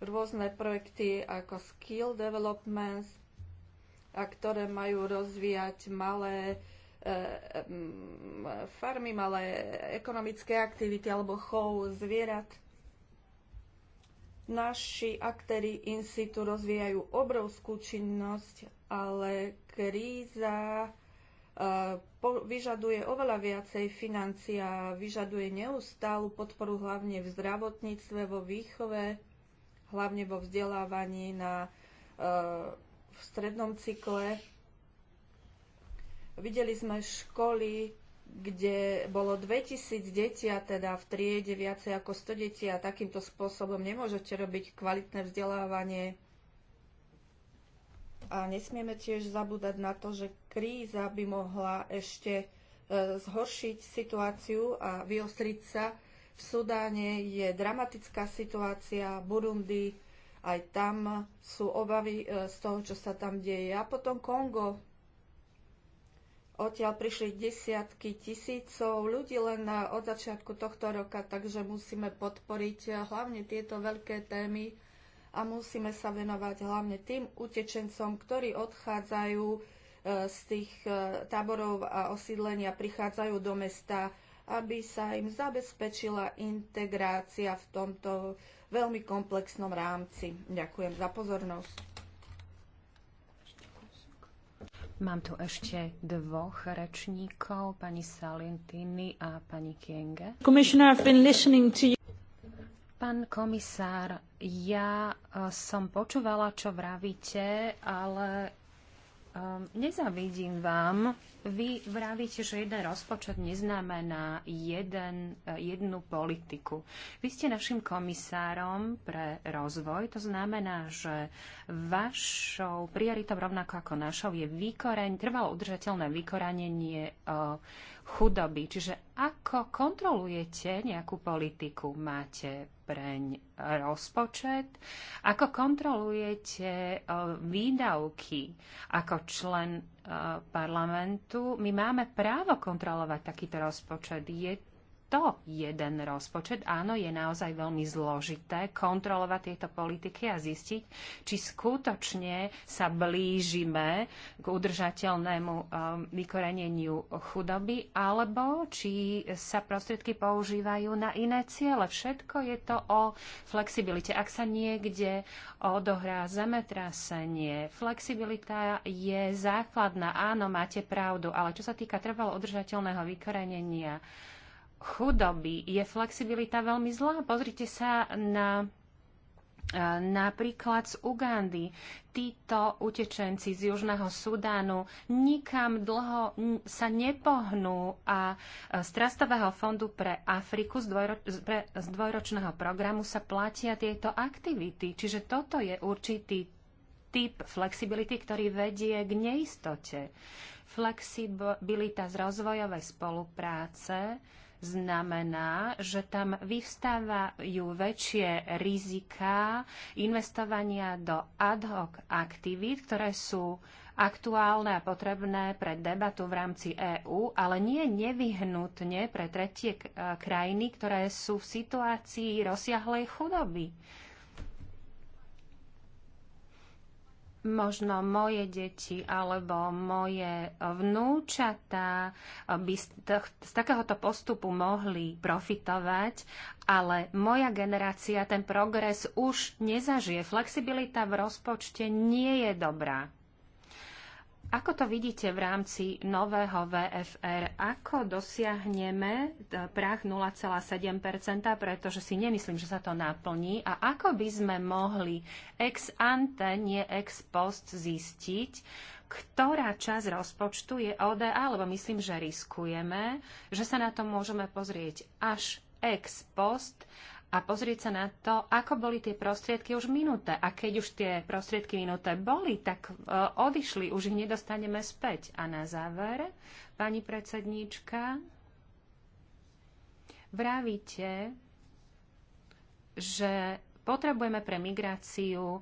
Rôzne projekty ako Skill Developments, a ktoré majú rozvíjať malé farmy, malé ekonomické aktivity alebo chov zvierat. Naši aktéry in situ rozvíjajú obrovskú činnosť, ale kríza eh, vyžaduje oveľa viacej financia, vyžaduje neustálu podporu hlavne v zdravotníctve, vo výchove, hlavne vo vzdelávaní na, eh, v strednom cykle Videli sme školy, kde bolo 2000 detí a teda v triede viacej ako 100 detí a takýmto spôsobom nemôžete robiť kvalitné vzdelávanie. A nesmieme tiež zabúdať na to, že kríza by mohla ešte e, zhoršiť situáciu a vyostriť sa. V Sudáne je dramatická situácia, Burundi, aj tam sú obavy e, z toho, čo sa tam deje. A potom Kongo, Odtiaľ prišli desiatky tisícov ľudí len na, od začiatku tohto roka, takže musíme podporiť hlavne tieto veľké témy a musíme sa venovať hlavne tým utečencom, ktorí odchádzajú e, z tých e, táborov a osídlenia, prichádzajú do mesta, aby sa im zabezpečila integrácia v tomto veľmi komplexnom rámci. Ďakujem za pozornosť. Mám tu ešte dvoch rečníkov, pani Salentini a pani Kienge. Pán komisár, ja eh, som počúvala, čo vravíte, ale Um, nezavidím vám. Vy vravíte, že jeden rozpočet neznamená jeden, eh, jednu politiku. Vy ste našim komisárom pre rozvoj. To znamená, že vašou prioritou rovnako ako našou je výkoreň, trvalo udržateľné vykoranenie uh, eh, chudoby. Čiže ako kontrolujete nejakú politiku? Máte preň rozpočet? Ako kontrolujete e, výdavky ako člen e, parlamentu? My máme právo kontrolovať takýto rozpočet. Je to jeden rozpočet, áno, je naozaj veľmi zložité kontrolovať tieto politiky a zistiť, či skutočne sa blížime k udržateľnému um, vykoreneniu chudoby, alebo či sa prostriedky používajú na iné ciele. Všetko je to o flexibilite. Ak sa niekde odohrá zemetrasenie, flexibilita je základná. Áno, máte pravdu, ale čo sa týka trvalo udržateľného vykorenenia, chudoby je flexibilita veľmi zlá. Pozrite sa na e, Napríklad z Ugandy títo utečenci z Južného Sudánu nikam dlho sa nepohnú a e, z Trastového fondu pre Afriku z, dvojro- pre, z dvojročného programu sa platia tieto aktivity. Čiže toto je určitý typ flexibility, ktorý vedie k neistote. Flexibilita z rozvojovej spolupráce znamená, že tam vyvstávajú väčšie rizika investovania do ad hoc aktivít, ktoré sú aktuálne a potrebné pre debatu v rámci EÚ, ale nie nevyhnutne pre tretie e, krajiny, ktoré sú v situácii rozsiahlej chudoby. možno moje deti alebo moje vnúčatá by z, z takéhoto postupu mohli profitovať, ale moja generácia ten progres už nezažije. Flexibilita v rozpočte nie je dobrá. Ako to vidíte v rámci nového VFR? Ako dosiahneme e, prach 0,7%, pretože si nemyslím, že sa to naplní? A ako by sme mohli ex ante, nie ex post zistiť, ktorá časť rozpočtu je ODA, lebo myslím, že riskujeme, že sa na to môžeme pozrieť až ex post a pozrieť sa na to, ako boli tie prostriedky už minuté. A keď už tie prostriedky minuté boli, tak e, odišli, už ich nedostaneme späť. A na záver, pani predsedníčka, vravíte, že potrebujeme pre migráciu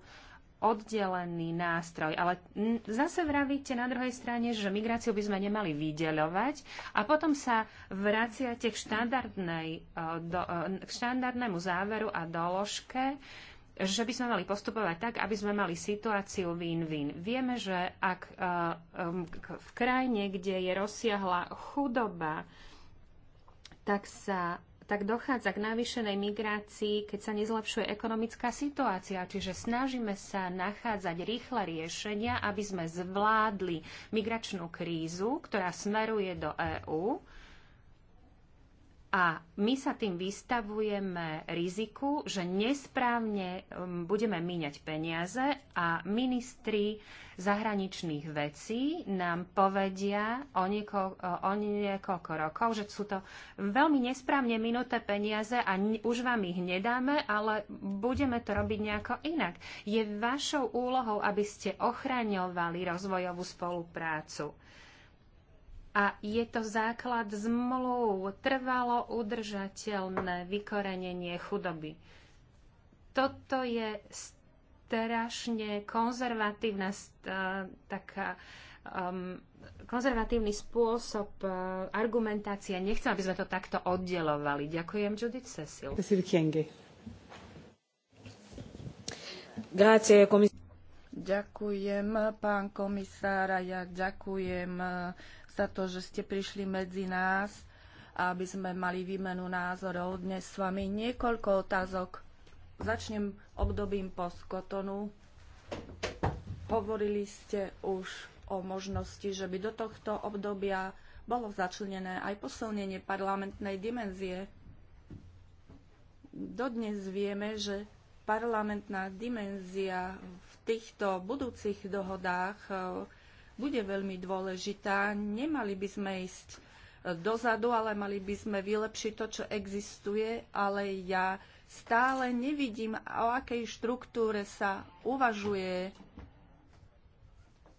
oddelený nástroj. Ale zase vravíte na druhej strane, že migráciu by sme nemali vydeľovať a potom sa vraciate k, štandardnej, e, do, e, k štandardnému záveru a doložke, že by sme mali postupovať tak, aby sme mali situáciu win-win. Vieme, že ak e, v krajine, kde je rozsiahla chudoba, tak sa tak dochádza k navýšenej migrácii, keď sa nezlepšuje ekonomická situácia. Čiže snažíme sa nachádzať rýchle riešenia, aby sme zvládli migračnú krízu, ktorá smeruje do EÚ a my sa tým vystavujeme riziku, že nesprávne um, budeme míňať peniaze a ministri zahraničných vecí nám povedia o, nieko, o niekoľko rokov, že sú to veľmi nesprávne minuté peniaze a už vám ich nedáme, ale budeme to robiť nejako inak. Je vašou úlohou, aby ste ochraňovali rozvojovú spoluprácu a je to základ zmluv, trvalo udržateľné vykorenenie chudoby. Toto je strašne konzervatívna e, taká um, konzervatívny spôsob uh, argumentácie. Nechcem, aby sme to takto oddelovali. Ďakujem, Judith Cecil. Ďakujem, pán komisár, a ja ďakujem uh, za to, že ste prišli medzi nás a aby sme mali výmenu názorov dnes s vami. Niekoľko otázok. Začnem obdobím poskotonu. Hovorili ste už o možnosti, že by do tohto obdobia bolo začlenené aj posilnenie parlamentnej dimenzie. Dodnes vieme, že parlamentná dimenzia v týchto budúcich dohodách bude veľmi dôležitá. Nemali by sme ísť e, dozadu, ale mali by sme vylepšiť to, čo existuje, ale ja stále nevidím, o akej štruktúre sa uvažuje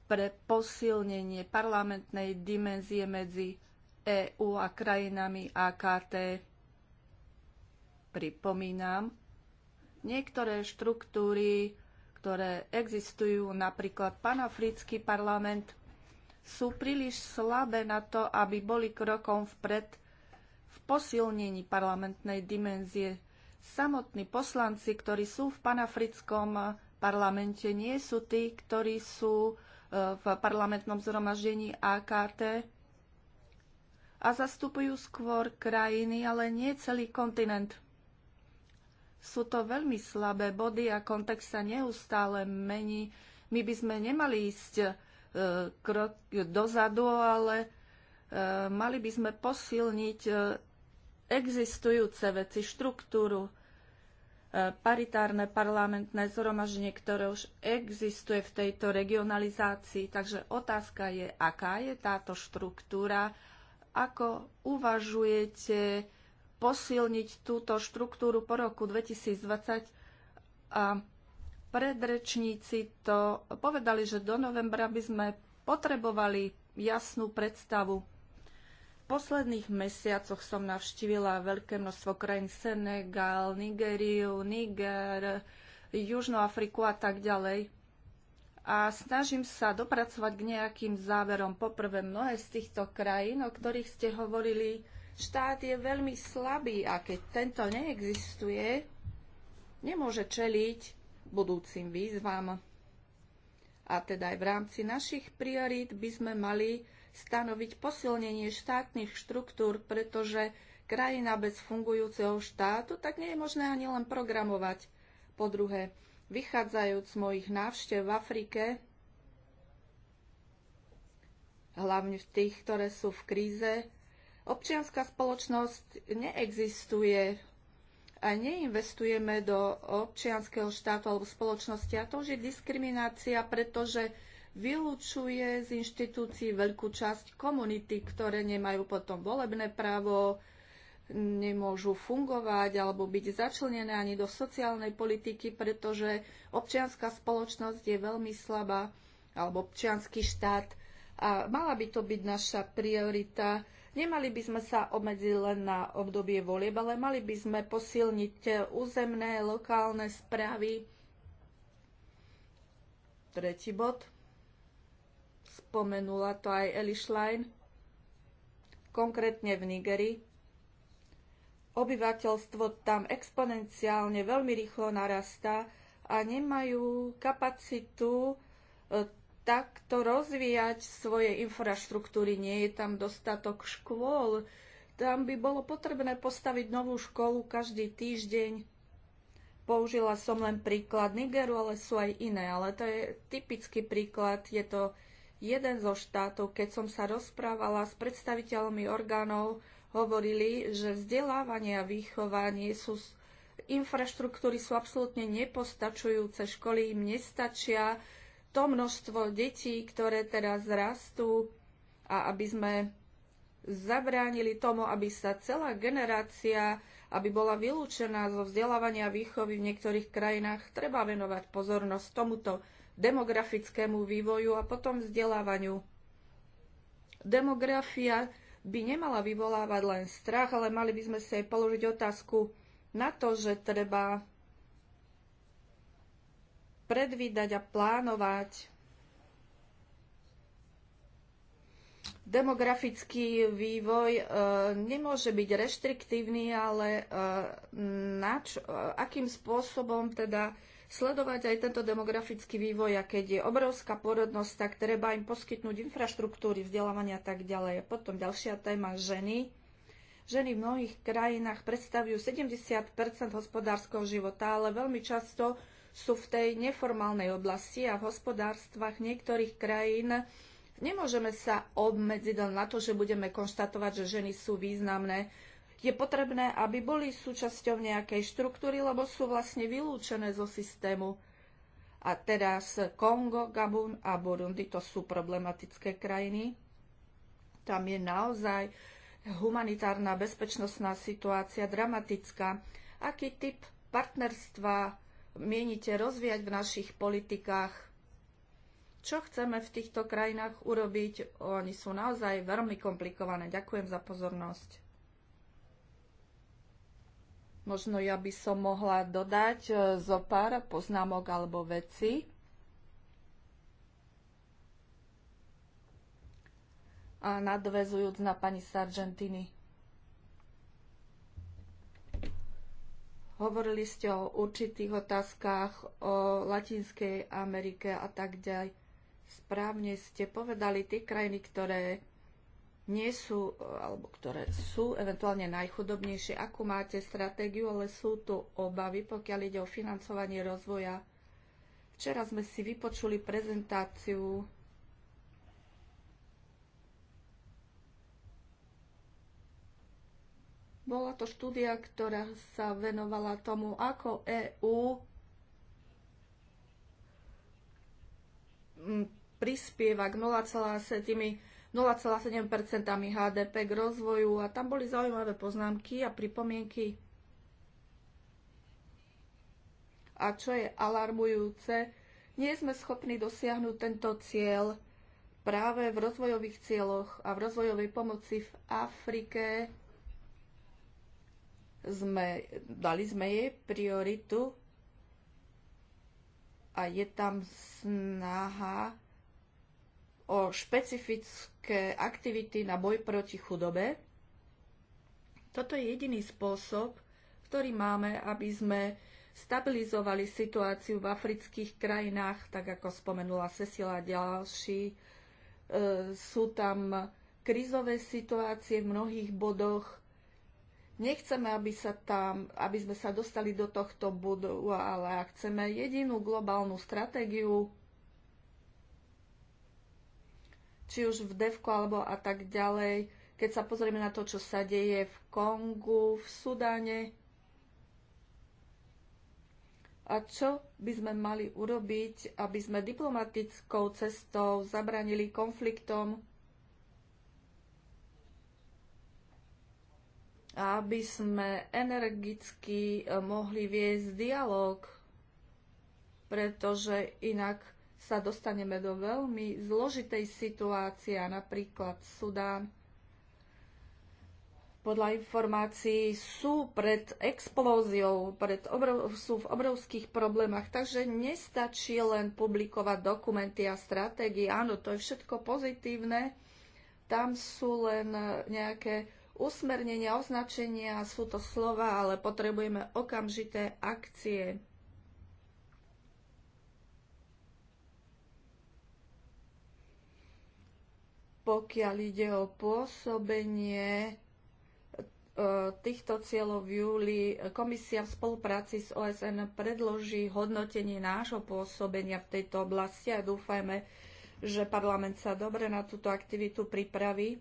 pre posilnenie parlamentnej dimenzie medzi EÚ a krajinami AKT. Pripomínam, niektoré štruktúry ktoré existujú, napríklad panafrický parlament, sú príliš slabé na to, aby boli krokom vpred v posilnení parlamentnej dimenzie. Samotní poslanci, ktorí sú v panafrickom parlamente, nie sú tí, ktorí sú e, v parlamentnom zhromaždení AKT a zastupujú skôr krajiny, ale nie celý kontinent. Sú to veľmi slabé body a kontext sa neustále mení. My by sme nemali ísť e, krok dozadu, ale e, mali by sme posilniť e, existujúce veci, štruktúru, e, paritárne parlamentné zhromaždenie, ktoré už existuje v tejto regionalizácii. Takže otázka je, aká je táto štruktúra, ako uvažujete, posilniť túto štruktúru po roku 2020 a predrečníci to povedali, že do novembra by sme potrebovali jasnú predstavu. V posledných mesiacoch som navštívila veľké množstvo krajín Senegal, Nigériu, Niger, Južnú Afriku a tak ďalej. A snažím sa dopracovať k nejakým záverom. Poprvé, mnohé z týchto krajín, o ktorých ste hovorili, štát je veľmi slabý a keď tento neexistuje, nemôže čeliť budúcim výzvam. A teda aj v rámci našich priorít by sme mali stanoviť posilnenie štátnych štruktúr, pretože krajina bez fungujúceho štátu tak nie je možné ani len programovať. Po druhé, vychádzajúc z mojich návštev v Afrike, hlavne v tých, ktoré sú v kríze, Občianská spoločnosť neexistuje a neinvestujeme do občianskeho štátu alebo spoločnosti. A to už je diskriminácia, pretože vylúčuje z inštitúcií veľkú časť komunity, ktoré nemajú potom volebné právo, nemôžu fungovať alebo byť začlenené ani do sociálnej politiky, pretože občianská spoločnosť je veľmi slabá alebo občianský štát a mala by to byť naša priorita. Nemali by sme sa obmedziť len na obdobie volieb, ale mali by sme posilniť územné, lokálne správy. Tretí bod. Spomenula to aj Eli Schlein. Konkrétne v Nigerii. Obyvateľstvo tam exponenciálne veľmi rýchlo narastá a nemajú kapacitu e, takto rozvíjať svoje infraštruktúry. Nie je tam dostatok škôl. Tam by bolo potrebné postaviť novú školu každý týždeň. Použila som len príklad Nigeru, ale sú aj iné. Ale to je typický príklad. Je to jeden zo štátov. Keď som sa rozprávala s predstaviteľmi orgánov, hovorili, že vzdelávanie a výchovanie sú infraštruktúry sú absolútne nepostačujúce, školy im nestačia, to množstvo detí, ktoré teraz rastú a aby sme zabránili tomu, aby sa celá generácia, aby bola vylúčená zo vzdelávania výchovy v niektorých krajinách, treba venovať pozornosť tomuto demografickému vývoju a potom vzdelávaniu. Demografia by nemala vyvolávať len strach, ale mali by sme si aj položiť otázku na to, že treba predvídať a plánovať. Demografický vývoj e, nemôže byť reštriktívny, ale e, nač, e, akým spôsobom teda sledovať aj tento demografický vývoj a keď je obrovská porodnosť, tak treba im poskytnúť infraštruktúry, vzdelávania a tak ďalej. Potom ďalšia téma ženy. Ženy v mnohých krajinách predstavujú 70 hospodárskeho života, ale veľmi často sú v tej neformálnej oblasti a v hospodárstvách niektorých krajín nemôžeme sa obmedziť len na to, že budeme konštatovať, že ženy sú významné. Je potrebné, aby boli súčasťou nejakej štruktúry, lebo sú vlastne vylúčené zo systému. A teraz Kongo, Gabun a Burundi to sú problematické krajiny. Tam je naozaj humanitárna bezpečnostná situácia dramatická. Aký typ partnerstva mienite rozvíjať v našich politikách. Čo chceme v týchto krajinách urobiť? Oni sú naozaj veľmi komplikované. Ďakujem za pozornosť. Možno ja by som mohla dodať e, zo pár poznámok alebo veci. A nadvezujúc na pani Sargentini. Hovorili ste o určitých otázkach, o Latinskej Amerike a tak ďalej. Správne ste povedali, tie krajiny, ktoré nie sú, alebo ktoré sú eventuálne najchudobnejšie, akú máte stratégiu, ale sú tu obavy, pokiaľ ide o financovanie rozvoja. Včera sme si vypočuli prezentáciu Bola to štúdia, ktorá sa venovala tomu, ako EÚ prispieva k 0,7 HDP k rozvoju a tam boli zaujímavé poznámky a pripomienky. A čo je alarmujúce, nie sme schopní dosiahnuť tento cieľ práve v rozvojových cieľoch a v rozvojovej pomoci v Afrike sme, dali sme jej prioritu a je tam snaha o špecifické aktivity na boj proti chudobe. Toto je jediný spôsob, ktorý máme, aby sme stabilizovali situáciu v afrických krajinách, tak ako spomenula Cecila ďalší. E, sú tam krízové situácie v mnohých bodoch, Nechceme, aby, sa tam, aby sme sa dostali do tohto bodu, ale ak chceme jedinú globálnu stratégiu, či už v Devku alebo a tak ďalej, keď sa pozrieme na to, čo sa deje v Kongu, v Sudáne, a čo by sme mali urobiť, aby sme diplomatickou cestou zabranili konfliktom, aby sme energicky eh, mohli viesť dialog, pretože inak sa dostaneme do veľmi zložitej situácie, napríklad Sudán. Podľa informácií sú pred explóziou, pred obrov, sú v obrovských problémach, takže nestačí len publikovať dokumenty a stratégie. Áno, to je všetko pozitívne. Tam sú len eh, nejaké usmernenia, označenia, sú to slova, ale potrebujeme okamžité akcie. Pokiaľ ide o pôsobenie e, týchto cieľov v júli, komisia v spolupráci s OSN predloží hodnotenie nášho pôsobenia v tejto oblasti a dúfajme, že parlament sa dobre na túto aktivitu pripraví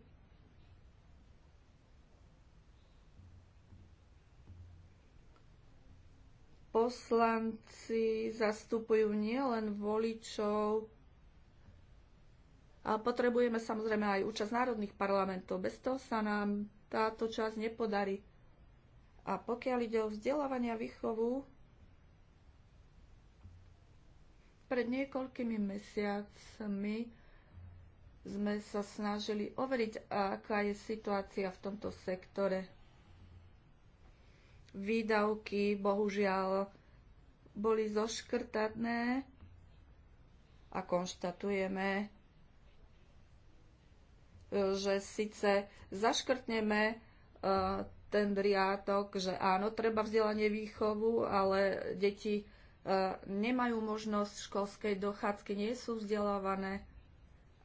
poslanci zastupujú nielen voličov, a potrebujeme samozrejme aj účasť národných parlamentov. Bez toho sa nám táto časť nepodarí. A pokiaľ ide o vzdelávanie a výchovu, pred niekoľkými mesiacmi sme sa snažili overiť, aká je situácia v tomto sektore výdavky bohužiaľ boli zoškrtané a konštatujeme, že síce zaškrtneme e, ten riadok, že áno, treba vzdelanie výchovu, ale deti e, nemajú možnosť školskej dochádzky, nie sú vzdelávané.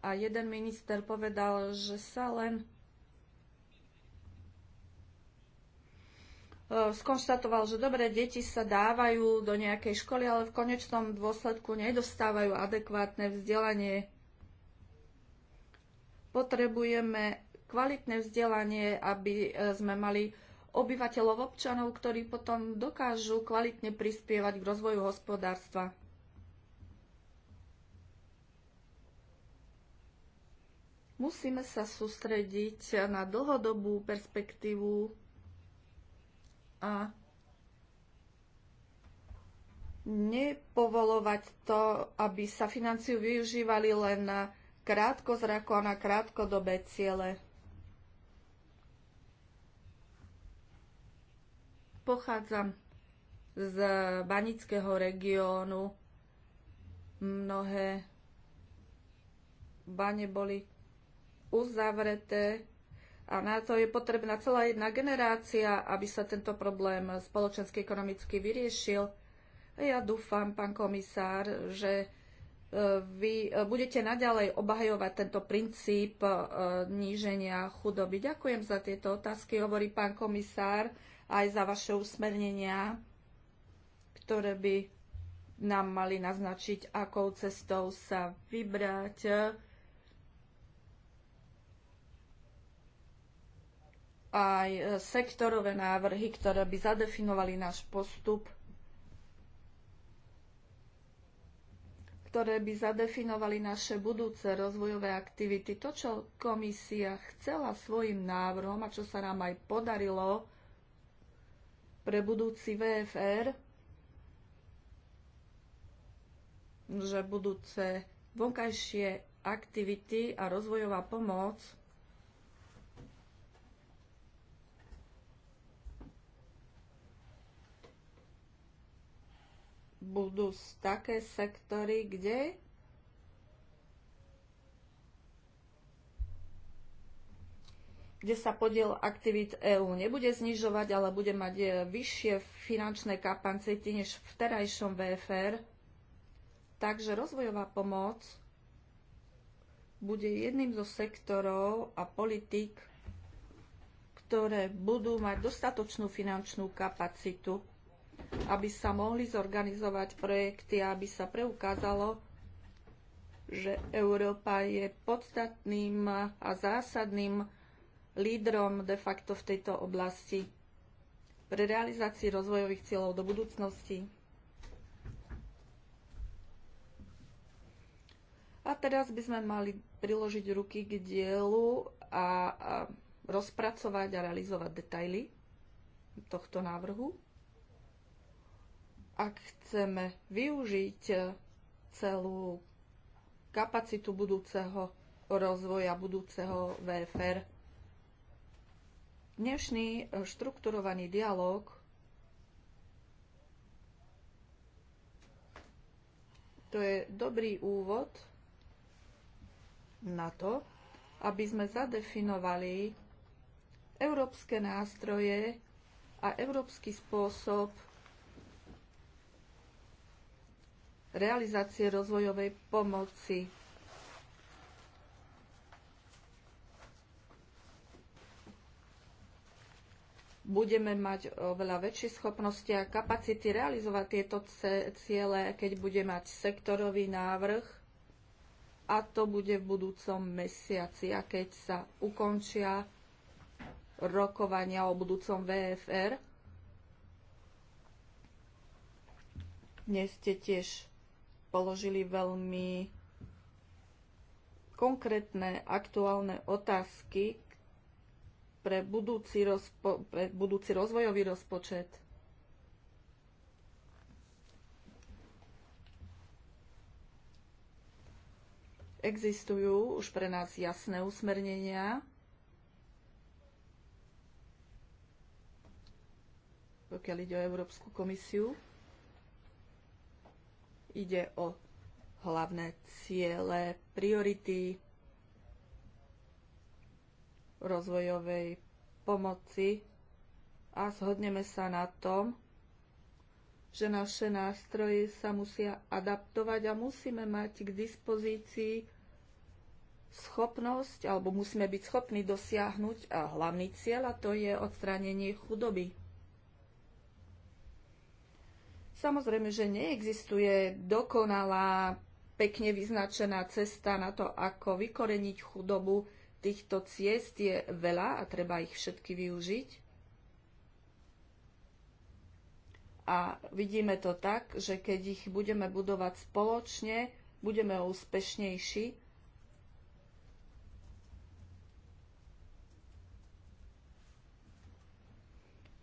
A jeden minister povedal, že sa len Eh, skonštatoval, že dobre deti sa dávajú do nejakej školy, ale v konečnom dôsledku nedostávajú adekvátne vzdelanie. Potrebujeme kvalitné vzdelanie, aby eh, sme mali obyvateľov občanov, ktorí potom dokážu kvalitne prispievať k rozvoju hospodárstva. Musíme sa sústrediť na dlhodobú perspektívu a nepovolovať to, aby sa financiu využívali len na krátkozrako a na krátkodobé ciele. Pochádzam z Banického regiónu. Mnohé bane boli uzavreté a na to je potrebná celá jedna generácia, aby sa tento problém spoločensky ekonomicky vyriešil. A ja dúfam, pán komisár, že e, vy e, budete naďalej obhajovať tento princíp e, níženia chudoby. Ďakujem za tieto otázky, hovorí pán komisár, aj za vaše usmernenia, ktoré by nám mali naznačiť, akou cestou sa vybrať aj e, sektorové návrhy, ktoré by zadefinovali náš postup, ktoré by zadefinovali naše budúce rozvojové aktivity. To, čo komisia chcela svojim návrhom a čo sa nám aj podarilo pre budúci VFR, že budúce vonkajšie aktivity a rozvojová pomoc budú také sektory, kde kde sa podiel aktivít EÚ nebude znižovať, ale bude mať e, vyššie finančné kapacity než v terajšom VFR. Takže rozvojová pomoc bude jedným zo sektorov a politik, ktoré budú mať dostatočnú finančnú kapacitu aby sa mohli zorganizovať projekty, aby sa preukázalo, že Európa je podstatným a zásadným lídrom de facto v tejto oblasti pre realizácii rozvojových cieľov do budúcnosti. A teraz by sme mali priložiť ruky k dielu a, a rozpracovať a realizovať detaily tohto návrhu. Ak chceme využiť e, celú kapacitu budúceho rozvoja, budúceho VFR, dnešný e, štrukturovaný dialog to je dobrý úvod na to, aby sme zadefinovali európske nástroje a európsky spôsob realizácie rozvojovej pomoci. budeme mať oveľa väčšie schopnosti a kapacity realizovať tieto ciele, keď bude mať sektorový návrh a to bude v budúcom mesiaci a keď sa ukončia rokovania o budúcom VFR. Dnes ste tiež položili veľmi konkrétne aktuálne otázky pre budúci, rozpo- pre budúci rozvojový rozpočet. Existujú už pre nás jasné usmernenia, pokiaľ ide o Európsku komisiu. Ide o hlavné ciele, priority rozvojovej pomoci a zhodneme sa na tom, že naše nástroje sa musia adaptovať a musíme mať k dispozícii schopnosť, alebo musíme byť schopní dosiahnuť a hlavný cieľ a to je odstránenie chudoby. Samozrejme, že neexistuje dokonalá, pekne vyznačená cesta na to, ako vykoreniť chudobu. Týchto ciest je veľa a treba ich všetky využiť. A vidíme to tak, že keď ich budeme budovať spoločne, budeme úspešnejší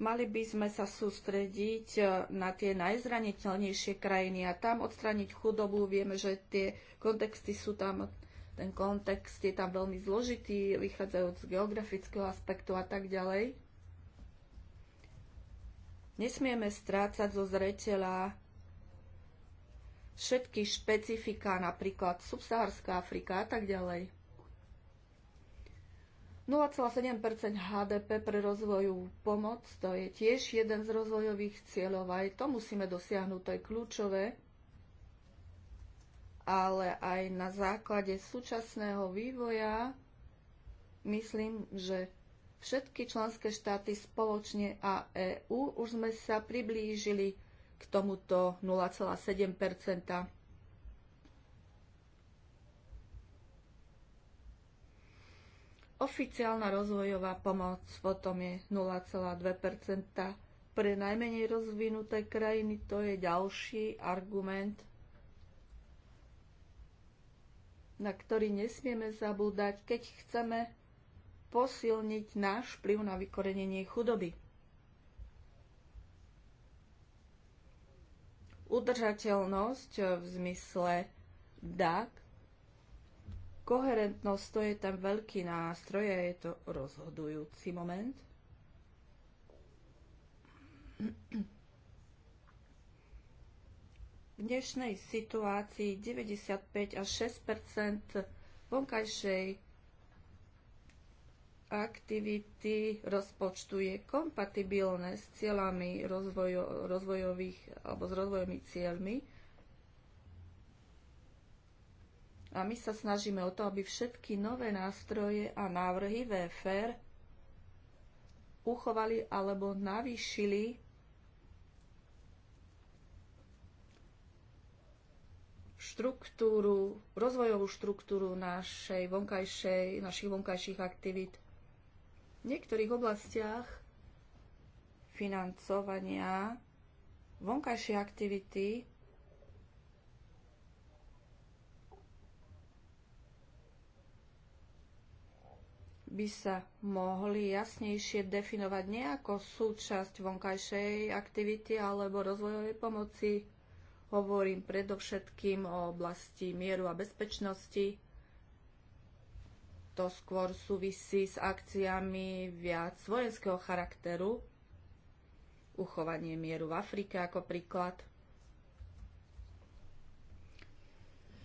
Mali by sme sa sústrediť e, na tie najzraniteľnejšie krajiny a tam odstraniť chudobu. Vieme, že tie kontexty sú tam, ten kontext je tam veľmi zložitý, vychádzajúc z geografického aspektu a tak ďalej. Nesmieme strácať zo zreteľa všetky špecifika, napríklad subsaharská Afrika a tak ďalej. 0,7 HDP pre rozvoju pomoc, to je tiež jeden z rozvojových cieľov, aj to musíme dosiahnuť, to je kľúčové, ale aj na základe súčasného vývoja myslím, že všetky členské štáty spoločne a EÚ už sme sa priblížili k tomuto 0,7 Oficiálna rozvojová pomoc potom je 0,2 Pre najmenej rozvinuté krajiny to je ďalší argument, na ktorý nesmieme zabúdať, keď chceme posilniť náš vplyv na vykorenenie chudoby. Udržateľnosť v zmysle DAC Koherentnosť to je tam veľký nástroj a je to rozhodujúci moment. V dnešnej situácii 95 až 6 vonkajšej aktivity rozpočtu je kompatibilné s cieľami rozvojo, rozvojových alebo s rozvojovými cieľmi A my sa snažíme o to, aby všetky nové nástroje a návrhy VFR uchovali alebo navýšili štruktúru, rozvojovú štruktúru našej vonkajšej, našich vonkajších aktivít. V niektorých oblastiach financovania vonkajšie aktivity by sa mohli jasnejšie definovať nie ako súčasť vonkajšej aktivity alebo rozvojovej pomoci. Hovorím predovšetkým o oblasti mieru a bezpečnosti. To skôr súvisí s akciami viac vojenského charakteru. Uchovanie mieru v Afrike ako príklad –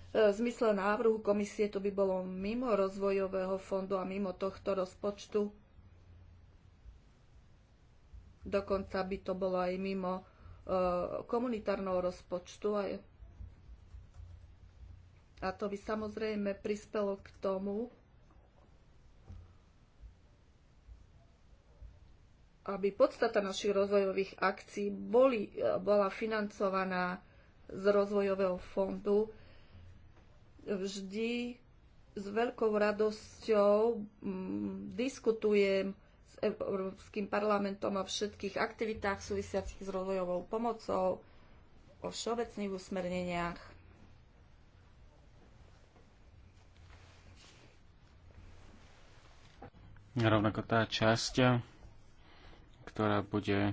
E, v zmysle návrhu komisie to by bolo mimo rozvojového fondu a mimo tohto rozpočtu. Dokonca by to bolo aj mimo e, komunitárneho rozpočtu. A to by samozrejme prispelo k tomu, aby podstata našich rozvojových akcií boli, e, bola financovaná z rozvojového fondu vždy s veľkou radosťou mm, diskutujem s Európskym parlamentom o všetkých aktivitách súvisiacich s rozvojovou pomocou, o všeobecných usmerneniach. Rovnako tá časť, ktorá bude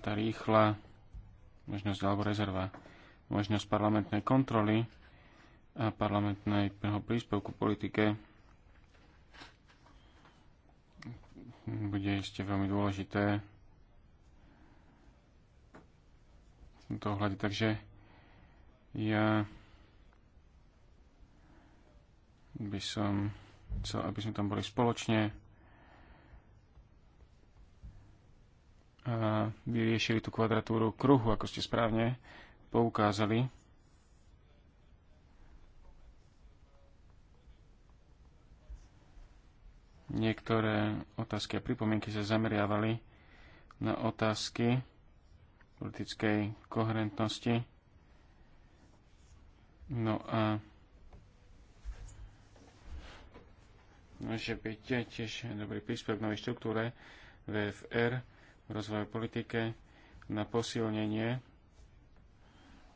tá rýchla možnosť alebo rezerva, možnosť parlamentnej kontroly, a parlamentného príspevku politike bude ešte veľmi dôležité v tomto ohľade. Takže ja by som chcel, aby sme tam boli spoločne a vyriešili tú kvadratúru kruhu, ako ste správne poukázali. Niektoré otázky a pripomienky sa zameriavali na otázky politickej koherentnosti. No a môže byť tiež dobrý príspevok novej štruktúre VFR v rozvoju politike na posilnenie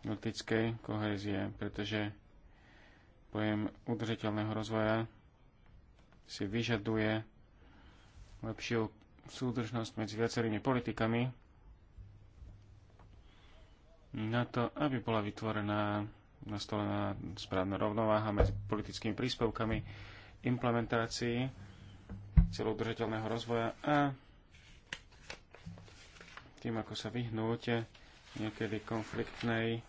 politickej kohézie, pretože pojem udržateľného rozvoja si vyžaduje lepšiu súdržnosť medzi viacerými politikami na to, aby bola vytvorená nastolená správna rovnováha medzi politickými príspevkami, implementácií celoudržateľného rozvoja a tým, ako sa vyhnúť niekedy konfliktnej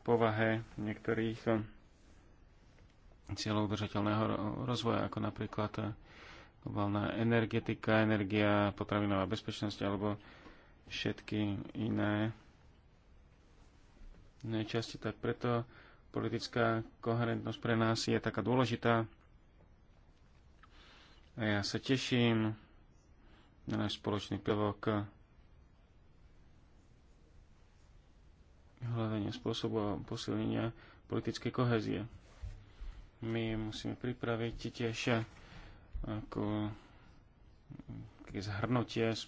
povahe niektorých cieľov udržateľného rozvoja, ako napríklad eh, globálna energetika, energia, potravinová bezpečnosť alebo všetky iné, iné časti. Tak preto politická koherentnosť pre nás je taká dôležitá. A ja sa teším na náš spoločný prvok hľadania spôsobov posilnenia politickej kohezie my musíme pripraviť tiež eh, ako zhrnutie z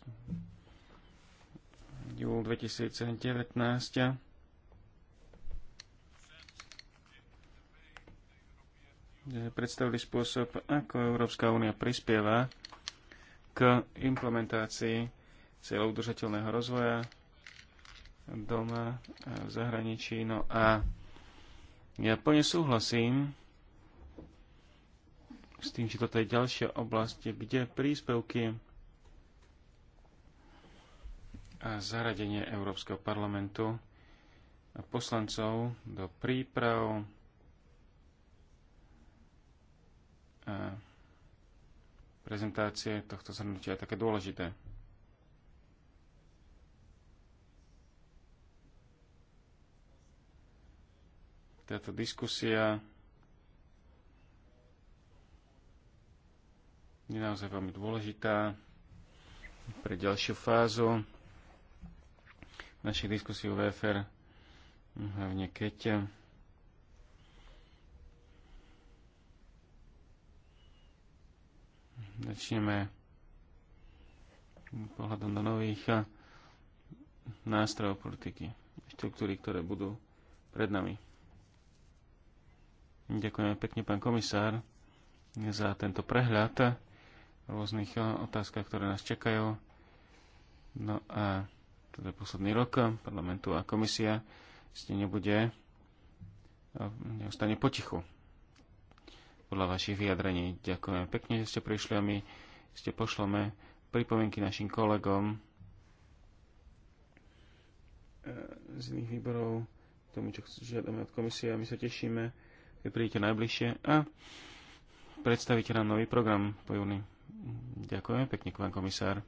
júl 2019 predstavili spôsob, ako Európska únia prispieva k implementácii cieľov udržateľného rozvoja doma a v zahraničí. No a ja plne súhlasím s tým, že toto je ďalšia oblasť, kde príspevky a zaradenie Európskeho parlamentu a poslancov do príprav a prezentácie tohto zhrnutia je také dôležité. Táto diskusia je naozaj veľmi dôležitá pre ďalšiu fázu našej diskusie o VFR, hlavne keď začneme pohľadom do nových nástrojov politiky, štruktúry, ktoré budú pred nami. Ďakujeme pekne, pán komisár, za tento prehľad rôznych e, otázkach, ktoré nás čakajú. No a teda posledný rok parlamentu a komisia ste nebude e, neostane potichu. Podľa vašich vyjadrení ďakujem pekne, že ste prišli a my ste pošlome pripomienky našim kolegom e, z iných výborov tomu, čo žiadame od komisie a my sa tešíme, keď prídete najbližšie a predstavíte nám nový program po júni. Ďakujem pekne, pán komisár.